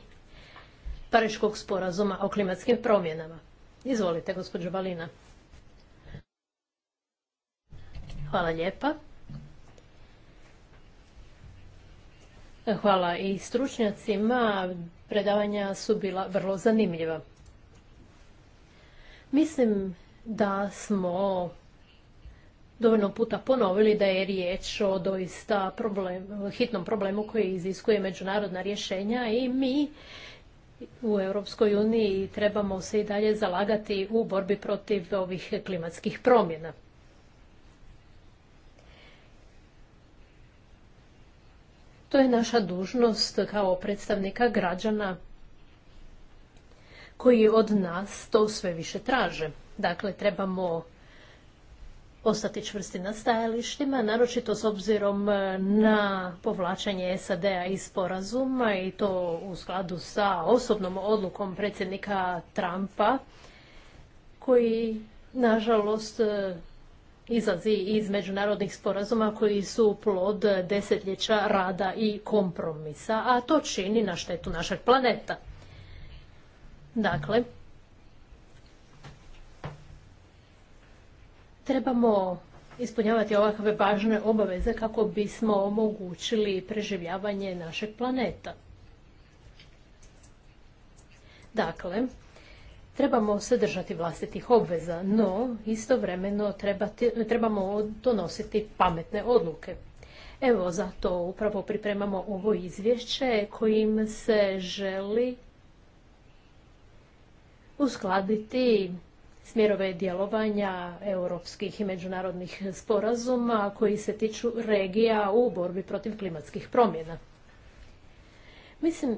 Pariškog sporazuma o klimatskim promjenama. Izvolite, gospođo Valina. Hvala lijepa. Hvala i stručnjacima. Predavanja su bila vrlo zanimljiva. Mislim da smo dovoljno puta ponovili da je riječ o doista problem, hitnom problemu koji iziskuje međunarodna rješenja i mi u Europskoj uniji trebamo se i dalje zalagati u borbi protiv ovih klimatskih promjena. To je naša dužnost kao predstavnika građana koji od nas to sve više traže. Dakle, trebamo ostati čvrsti na stajalištima, naročito s obzirom e, na povlačenje SAD-a iz sporazuma i to u skladu sa osobnom odlukom predsjednika Trumpa koji nažalost e, izlazi iz međunarodnih sporazuma koji su plod desetljeća rada i kompromisa, a to čini na štetu našeg planeta. Dakle, trebamo ispunjavati ovakve važne obaveze kako bismo omogućili preživljavanje našeg planeta. Dakle, trebamo se držati vlastitih obveza, no istovremeno trebamo donositi pametne odluke. Evo, zato upravo pripremamo ovo izvješće kojim se želi uskladiti smjerove djelovanja europskih i međunarodnih sporazuma koji se tiču regija u borbi protiv klimatskih promjena. Mislim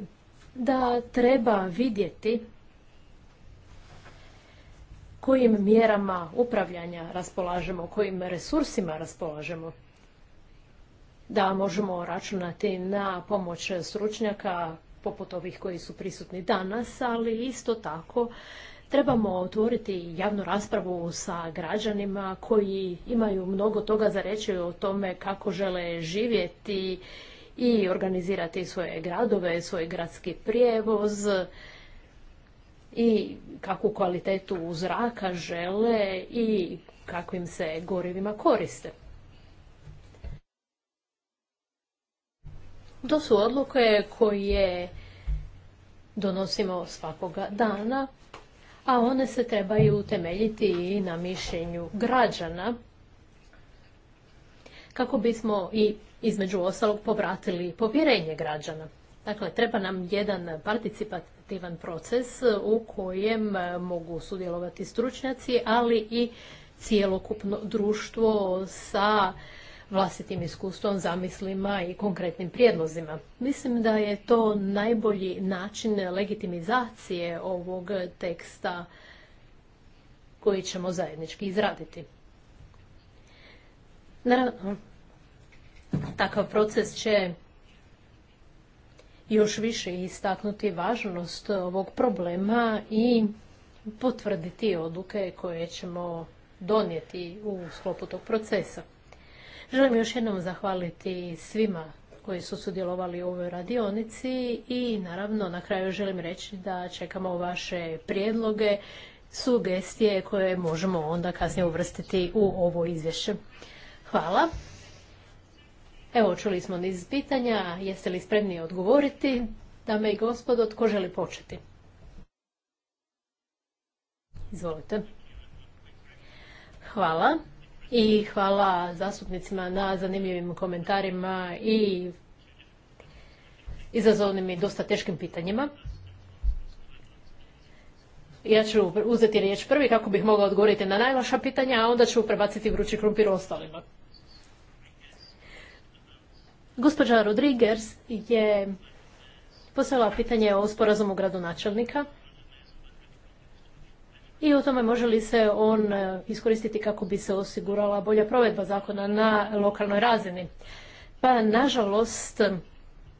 da treba vidjeti kojim mjerama upravljanja raspolažemo, kojim resursima raspolažemo. Da možemo računati na pomoć stručnjaka poput ovih koji su prisutni danas, ali isto tako trebamo otvoriti javnu raspravu sa građanima koji imaju mnogo toga za reći o tome kako žele živjeti i organizirati svoje gradove, svoj gradski prijevoz i kakvu kvalitetu zraka žele i kakvim se gorivima koriste. To su odluke koje donosimo svakoga dana, a one se trebaju temeljiti i na mišljenju građana kako bismo i između ostalog povratili povjerenje građana. Dakle, treba nam jedan participativan proces u kojem mogu sudjelovati stručnjaci, ali i cjelokupno društvo sa vlastitim iskustvom, zamislima i konkretnim prijedlozima. Mislim da je to najbolji način legitimizacije ovog teksta koji ćemo zajednički izraditi. Naravno, takav proces će još više istaknuti važnost ovog problema i potvrditi odluke koje ćemo donijeti u sklopu tog procesa. Želim još jednom zahvaliti svima koji su sudjelovali u ovoj radionici i naravno na kraju želim reći da čekamo vaše prijedloge, sugestije koje možemo onda kasnije uvrstiti u ovo izvješće. Hvala. Evo, čuli smo niz pitanja. Jeste li spremni odgovoriti? Dame i gospodo, tko želi početi? Izvolite. Hvala i hvala zastupnicima na zanimljivim komentarima i izazovnim i dosta teškim pitanjima. Ja ću uzeti riječ prvi kako bih mogla odgovoriti na najvaša pitanja, a onda ću prebaciti vrući krumpir ostalima. Gospođa Rodriguez je poslala pitanje o sporazumu gradonačelnika i o tome može li se on e, iskoristiti kako bi se osigurala bolja provedba zakona na lokalnoj razini. Pa nažalost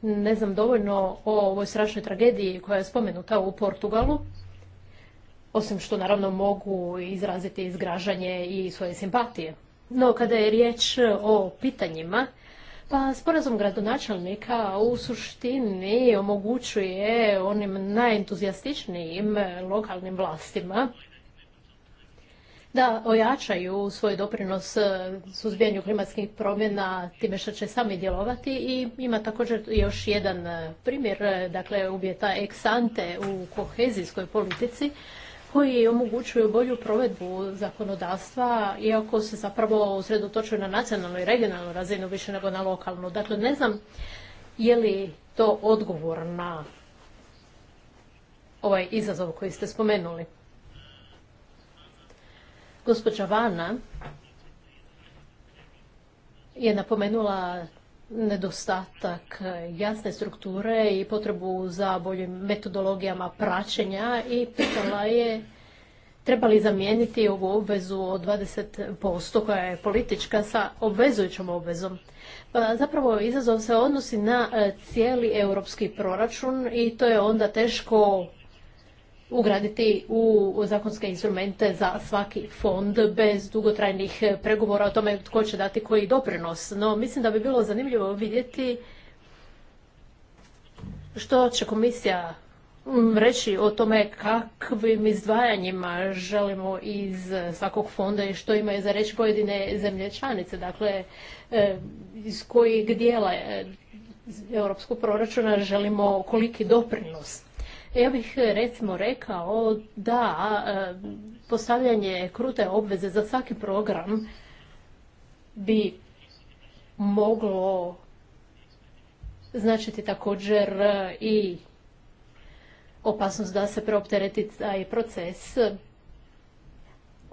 ne znam dovoljno o ovoj strašnoj tragediji koja je spomenuta u Portugalu, osim što naravno mogu izraziti izgražanje i svoje simpatije. No kada je riječ o pitanjima, pa sporazum gradonačelnika u suštini omogućuje onim najentuzijastičnijim lokalnim vlastima da ojačaju svoj doprinos e, suzbijanju klimatskih promjena time što će sami djelovati i ima također još jedan e, primjer, e, dakle uvjeta eksante ante u kohezijskoj politici koji omogućuju bolju provedbu zakonodavstva, iako se zapravo usredotočuju na nacionalnu i regionalnu razinu više nego na lokalnu. Dakle, ne znam je li to odgovor na ovaj izazov koji ste spomenuli. Gospođa Vana je napomenula nedostatak jasne strukture i potrebu za boljim metodologijama praćenja i pitala je treba li zamijeniti ovu obvezu od 20% koja je politička sa obvezujućom obvezom. Pa zapravo izazov se odnosi na e, cijeli europski proračun i to je onda teško ugraditi u zakonske instrumente za svaki fond bez dugotrajnih pregovora o tome tko će dati koji doprinos. No, mislim da bi bilo zanimljivo vidjeti što će komisija mm, reći o tome kakvim izdvajanjima želimo iz svakog fonda i što imaju za reći pojedine zemlje članice. Dakle, e, iz kojih dijela e, europskog proračuna želimo koliki doprinos. Ja bih e, recimo rekao da e, postavljanje krute obveze za svaki program bi moglo značiti također e, i opasnost da se preoptereti taj proces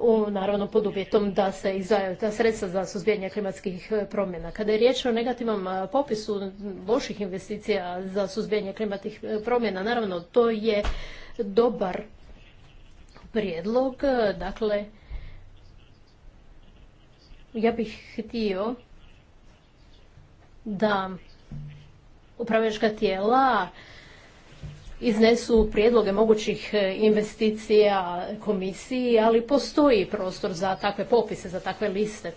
u, naravno pod uvjetom da se izdvajaju ta sredstva za suzbijanje klimatskih e, promjena. Kada je riječ o negativnom e, popisu loših investicija za suzbijanje klimatskih e, promjena, naravno to je dobar prijedlog. Dakle, ja bih htio da upravljačka tijela iznesu prijedloge mogućih e, investicija komisiji, ali postoji prostor za takve popise, za takve liste.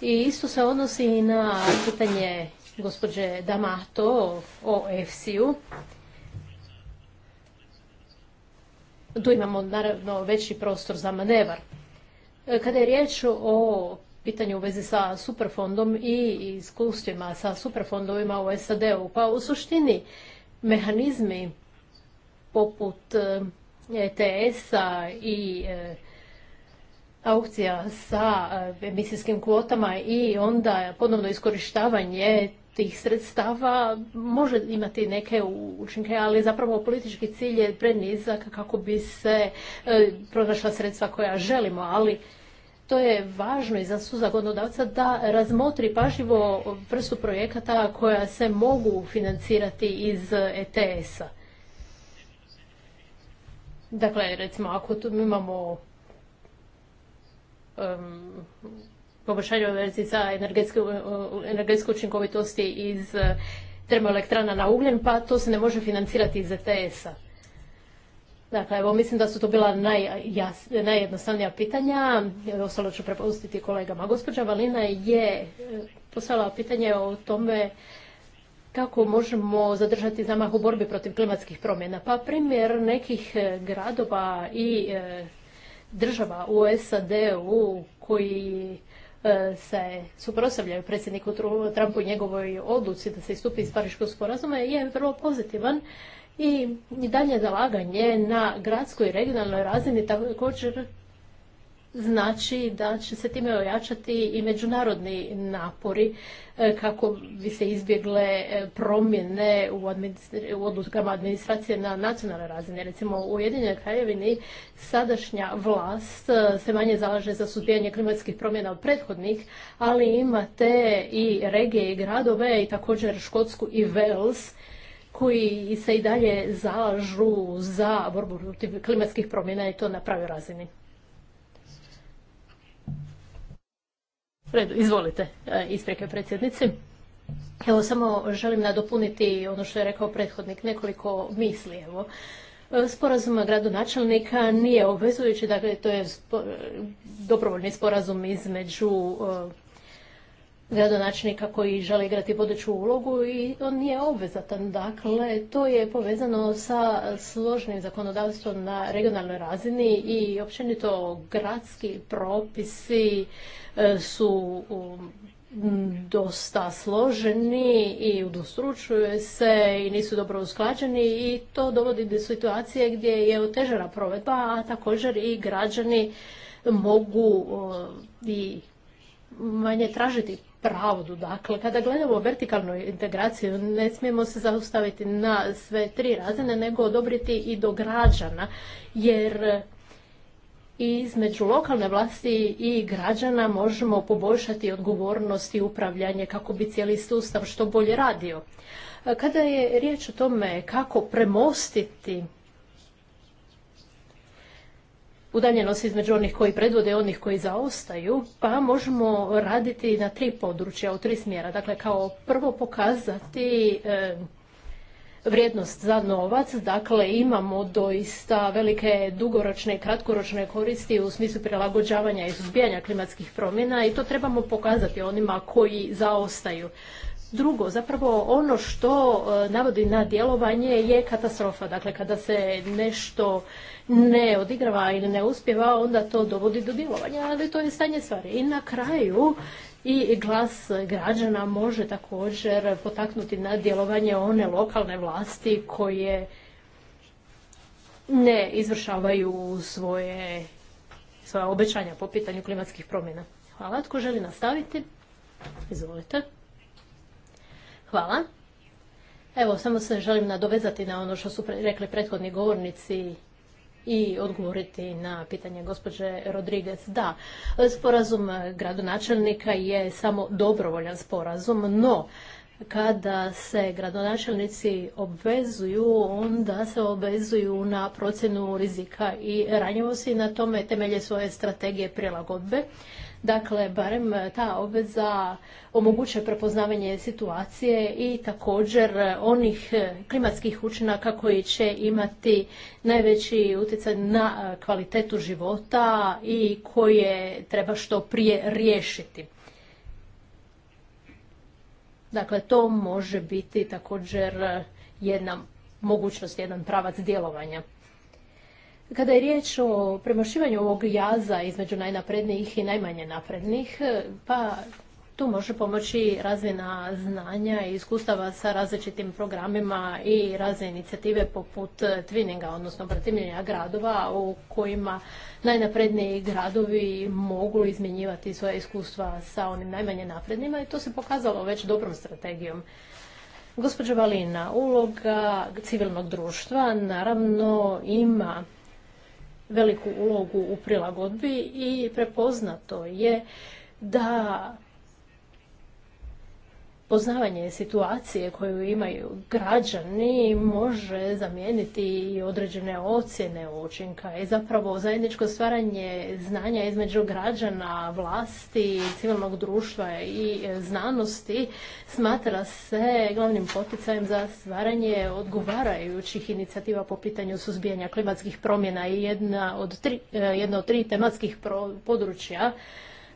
I isto se odnosi i na pitanje gospođe Damato o EFSI-u. Tu imamo naravno veći prostor za manevar. E, kada je riječ o pitanju u vezi sa superfondom i iskustvima sa superfondovima u SAD-u, pa u suštini mehanizmi poput ETS-a e i e, aukcija sa e, emisijskim kvotama i onda ponovno iskorištavanje tih sredstava može imati neke učinke, ali zapravo politički cilj je prenizak kako bi se pronašla sredstva koja želimo, ali to je važno i za suzakonodavca da razmotri pažljivo vrstu projekata koja se mogu financirati iz ETS-a. Dakle, recimo, ako tu imamo poboljšanje u vezi sa energetske, učinkovitosti iz eh, termoelektrana na ugljen, pa to se ne može financirati iz ETS-a. Dakle, evo, mislim da su to bila najjednostavnija pitanja. Ostalo ću prepustiti kolegama. Gospođa Valina je eh, poslala pitanje o tome kako možemo zadržati zamah u borbi protiv klimatskih promjena. Pa primjer nekih e, gradova i e, država u SAD-u koji e, se suprotstavljaju predsjedniku Trumpu i njegovoj odluci da se istupi iz Pariškog sporazuma je vrlo pozitivan i dalje zalaganje na gradskoj i regionalnoj razini također znači da će se time ojačati i međunarodni napori e, kako bi se izbjegle e, promjene u, administri, u odlukama administracije na nacionalnoj razini. Recimo u Ujedinjenoj kraljevini sadašnja vlast e, se manje zalaže za suzbijanje klimatskih promjena od prethodnih, ali imate i regije i gradove i također Škotsku i Wales koji se i dalje zalažu za borbu protiv klimatskih promjena i to na pravoj razini. Redu, izvolite, e, isprike predsjednici. Evo, samo želim nadopuniti ono što je rekao prethodnik, nekoliko misli, evo. E, sporazum gradonačelnika nije obvezujući, dakle to je e, dobrovoljni sporazum između gradonačelnika koji žele igrati vodeću ulogu i on nije obvezatan. Dakle, to je povezano sa složnim zakonodavstvom na regionalnoj razini i općenito gradski propisi E, su dosta složeni i udostručuje se i nisu dobro usklađeni i to dovodi do situacije gdje je otežena provedba, a također i građani mogu i manje tražiti pravdu. Dakle, kada gledamo vertikalnu integraciju, ne smijemo se zaustaviti na sve tri razine, nego odobriti i do građana, jer između lokalne vlasti i građana možemo poboljšati odgovornost i upravljanje kako bi cijeli sustav što bolje radio. Kada je riječ o tome kako premostiti udaljenost između onih koji predvode i onih koji zaostaju, pa možemo raditi na tri područja, u tri smjera. Dakle, kao prvo pokazati e, vrijednost za novac, dakle imamo doista velike dugoročne i kratkoročne koristi u smislu prilagođavanja i suzbijanja klimatskih promjena i to trebamo pokazati onima koji zaostaju. Drugo, zapravo ono što e, navodi na djelovanje je katastrofa. Dakle, kada se nešto ne odigrava ili ne uspjeva, onda to dovodi do djelovanja, ali to je stanje stvari. I na kraju i glas građana može također potaknuti na djelovanje one lokalne vlasti koje ne izvršavaju svoje, svoje obećanja po pitanju klimatskih promjena. Hvala. Tko želi nastaviti? Izvolite. Hvala. Evo, samo se želim nadovezati na ono što su rekli prethodni govornici i odgovoriti na pitanje gospođe Rodriguez. Da, sporazum gradonačelnika je samo dobrovoljan sporazum, no kada se gradonačelnici obvezuju, onda se obvezuju na procjenu rizika i ranjivosti na tome temelje svoje strategije prilagodbe. Dakle, barem e, ta obveza omogućuje prepoznavanje situacije i također e, onih e, klimatskih učinaka koji će imati najveći utjecaj na kvalitetu života i koje treba što prije riješiti. Dakle, to može biti također jedna mogućnost, jedan pravac djelovanja. Kada je riječ o premošivanju ovog jaza između najnaprednijih i najmanje naprednih, e, pa tu može pomoći razvina znanja i iskustava sa različitim programima i razne inicijative poput twinninga, odnosno protivljenja gradova u kojima najnapredniji gradovi mogu izmjenjivati svoje iskustva sa onim najmanje naprednima i to se pokazalo već dobrom strategijom. Gospođo Valina, uloga civilnog društva naravno ima veliku ulogu u prilagodbi i prepoznato je da poznavanje situacije koju imaju građani može zamijeniti i određene ocjene učinka i zapravo zajedničko stvaranje znanja između građana, vlasti, civilnog društva i e, znanosti smatra se glavnim poticajem za stvaranje odgovarajućih inicijativa po pitanju suzbijanja klimatskih promjena i jedna od tri, e, jedno od tri tematskih područja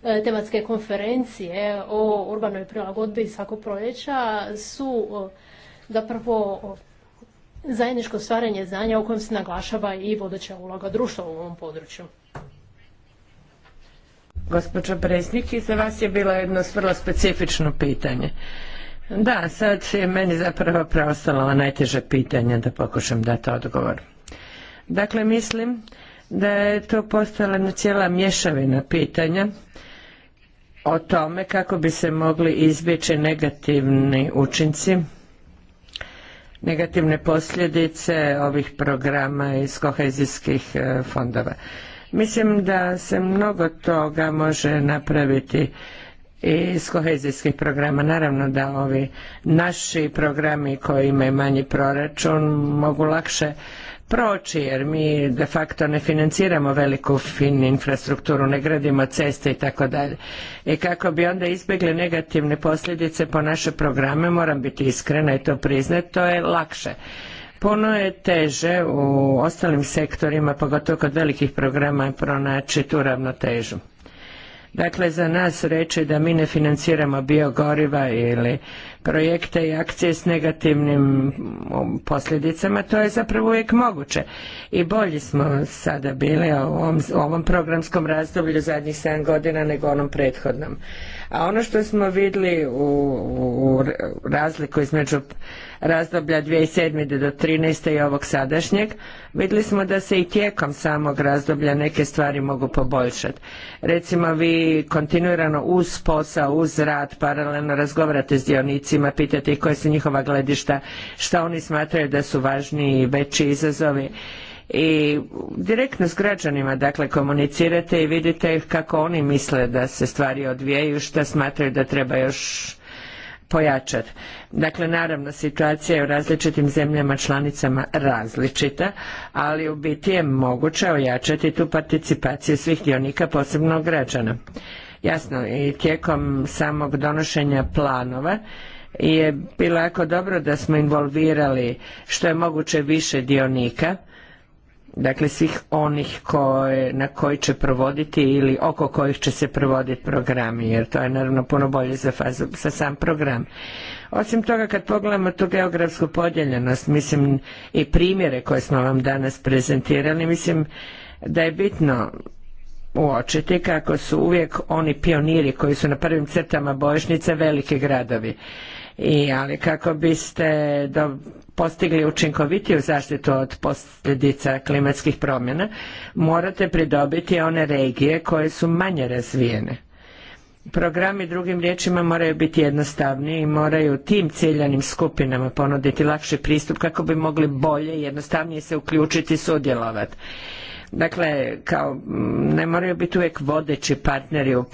E, tematske konferencije o urbanoj prilagodbi svakog proljeća su e, zapravo zajedničko stvaranje znanja u kojem se naglašava i vodeća uloga društva u ovom području. Gospođo Bresnik, i za vas je bilo jedno vrlo specifično pitanje. Da, sad je meni zapravo preostalo najteže pitanje da pokušam dati odgovor. Dakle, mislim da je to postala cijela mješavina pitanja o tome kako bi se mogli izbjeći negativni učinci negativne posljedice ovih programa iz kohezijskih e, fondova. Mislim da se mnogo toga može napraviti iz kohezijskih programa. Naravno da ovi naši programi koji imaju manji proračun mogu lakše proći jer mi de facto ne financiramo veliku fin infrastrukturu, ne gradimo ceste i tako dalje. I kako bi onda izbjegli negativne posljedice po naše programe, moram biti iskrena i to priznati, to je lakše. Puno je teže u ostalim sektorima, pogotovo kod velikih programa, pronaći tu ravnotežu. Dakle, za nas reći da mi ne financiramo biogoriva ili projekte i akcije s negativnim um, posljedicama, to je zapravo uvijek moguće. I bolji smo sada bili u ovom, programskom razdoblju zadnjih 7 godina nego onom prethodnom. A ono što smo vidjeli u, razliku između razdoblja 2007. do 2013. i ovog sadašnjeg, vidjeli smo da se i tijekom samog razdoblja neke stvari mogu poboljšati. Recimo vi kontinuirano uz posao, uz rad, paralelno razgovarate s dionicima, pitate ih koje su njihova gledišta, šta oni smatraju da su važniji i veći izazovi i direktno s građanima dakle komunicirate i vidite kako oni misle da se stvari odvijaju, što smatraju da treba još pojačati. Dakle, naravno, situacija je u različitim zemljama članicama različita, ali u biti je moguće ojačati tu participaciju svih dionika, posebno građana. Jasno, i tijekom samog donošenja planova je bilo jako dobro da smo involvirali što je moguće više dionika, dakle svih onih koje, na koji će provoditi ili oko kojih će se provoditi programi, jer to je naravno puno bolje za, sam program. Osim toga, kad pogledamo tu geografsku podijeljenost mislim i primjere koje smo vam danas prezentirali, mislim da je bitno uočiti kako su uvijek oni pioniri koji su na prvim crtama bojišnice veliki gradovi i, ali kako biste postigli učinkovitiju zaštitu od posljedica klimatskih promjena, morate pridobiti one regije koje su manje razvijene. Programi drugim riječima moraju biti jednostavniji i moraju tim ciljanim skupinama ponuditi lakši pristup kako bi mogli bolje i jednostavnije se uključiti i sudjelovati. Dakle, kao ne moraju biti uvijek vodeći partneri u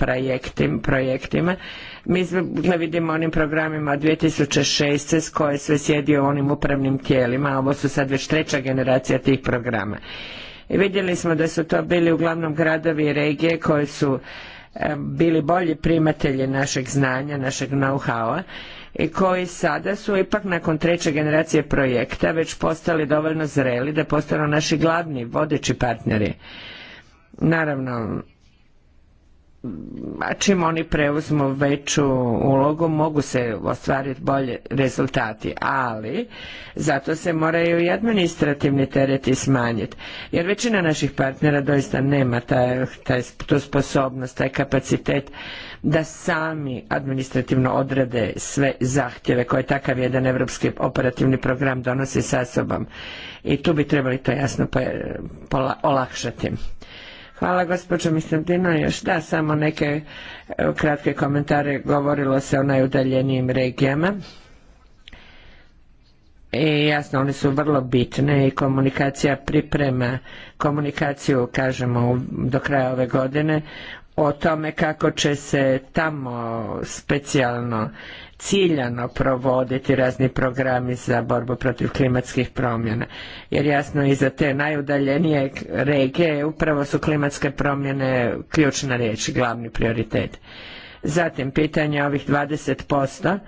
projektima, mi vidimo onim programima 2006. s koje sve sjedi u onim upravnim tijelima, a ovo su sad već treća generacija tih programa. I vidjeli smo da su to bili uglavnom gradovi i regije koji su e, bili bolji primatelji našeg znanja, našeg know-howa i koji sada su ipak nakon treće generacije projekta već postali dovoljno zreli da postanu naši glavni vodeći partneri. Naravno, a čim oni preuzmu veću ulogu mogu se ostvariti bolje rezultati, ali zato se moraju i administrativni tereti smanjiti, jer većina naših partnera doista nema taj, taj, tu sposobnost, taj kapacitet da sami administrativno odrade sve zahtjeve koje takav jedan europski operativni program donosi sa sobom i tu bi trebali to jasno olakšati. Hvala gospođo Mislentino. Još da, samo neke e, kratke komentare. Govorilo se o najudaljenijim regijama. I e, jasno, one su vrlo bitne i komunikacija priprema komunikaciju, kažemo, do kraja ove godine o tome kako će se tamo specijalno ciljano provoditi razni programi za borbu protiv klimatskih promjena. Jer jasno i za te najudaljenije regije upravo su klimatske promjene ključna riječ, glavni prioritet. Zatim pitanje ovih 20%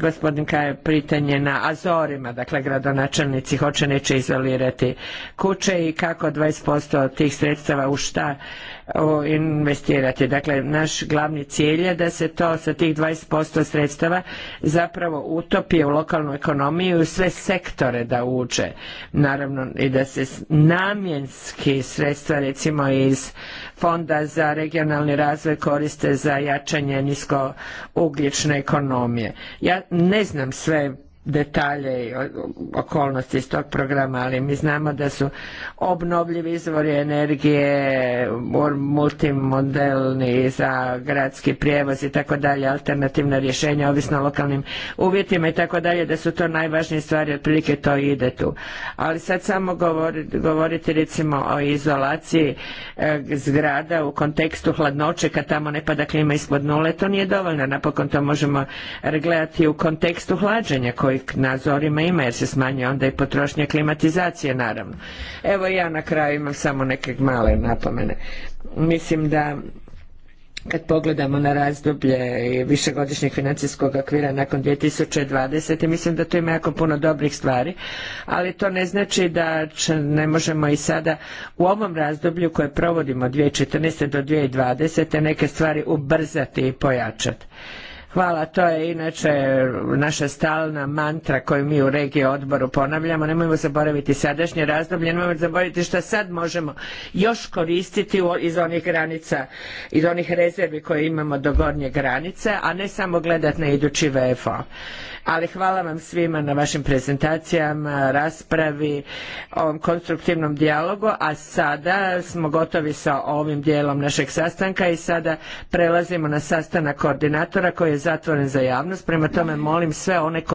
gospodin Kaj pitanje na Azorima, dakle gradonačelnici hoće neće izolirati kuće i kako 20% tih sredstava u šta investirati. Dakle, naš glavni cilj je da se to sa tih 20% sredstava zapravo utopi u lokalnu ekonomiju i sve sektore da uđe. Naravno i da se namjenski sredstva recimo iz fonda za regionalni razvoj koriste za jačanje nisko ugljične ekonomije. Ja ne znam sve detalje i okolnosti iz tog programa, ali mi znamo da su obnovljivi izvori energije, multimodelni za gradski prijevoz i tako dalje, alternativna rješenja ovisno o lokalnim uvjetima i tako dalje, da su to najvažnije stvari, otprilike to ide tu. Ali sad samo govoriti, recimo o izolaciji e, zgrada u kontekstu hladnoće kad tamo ne pada klima ispod nule, to nije dovoljno. Napokon to možemo gledati u kontekstu hlađenja koji kojeg nazorima ima jer se smanjuje onda i potrošnja klimatizacije naravno. Evo ja na kraju imam samo neke male napomene. Mislim da kad pogledamo na razdoblje višegodišnjeg financijskog okvira nakon 2020. mislim da tu ima jako puno dobrih stvari, ali to ne znači da ne možemo i sada u ovom razdoblju koje provodimo od 2014. do 2020. neke stvari ubrzati i pojačati. Hvala, to je inače naša stalna mantra koju mi u regiji odboru ponavljamo. Nemojmo zaboraviti sadašnje razdoblje, nemojmo zaboraviti što sad možemo još koristiti iz onih granica, iz onih rezervi koje imamo do gornje granice, a ne samo gledati na idući VFO ali hvala vam svima na vašim prezentacijama, raspravi, ovom konstruktivnom dijalogu, a sada smo gotovi sa ovim dijelom našeg sastanka i sada prelazimo na sastanak koordinatora koji je zatvoren za javnost, prema tome molim sve one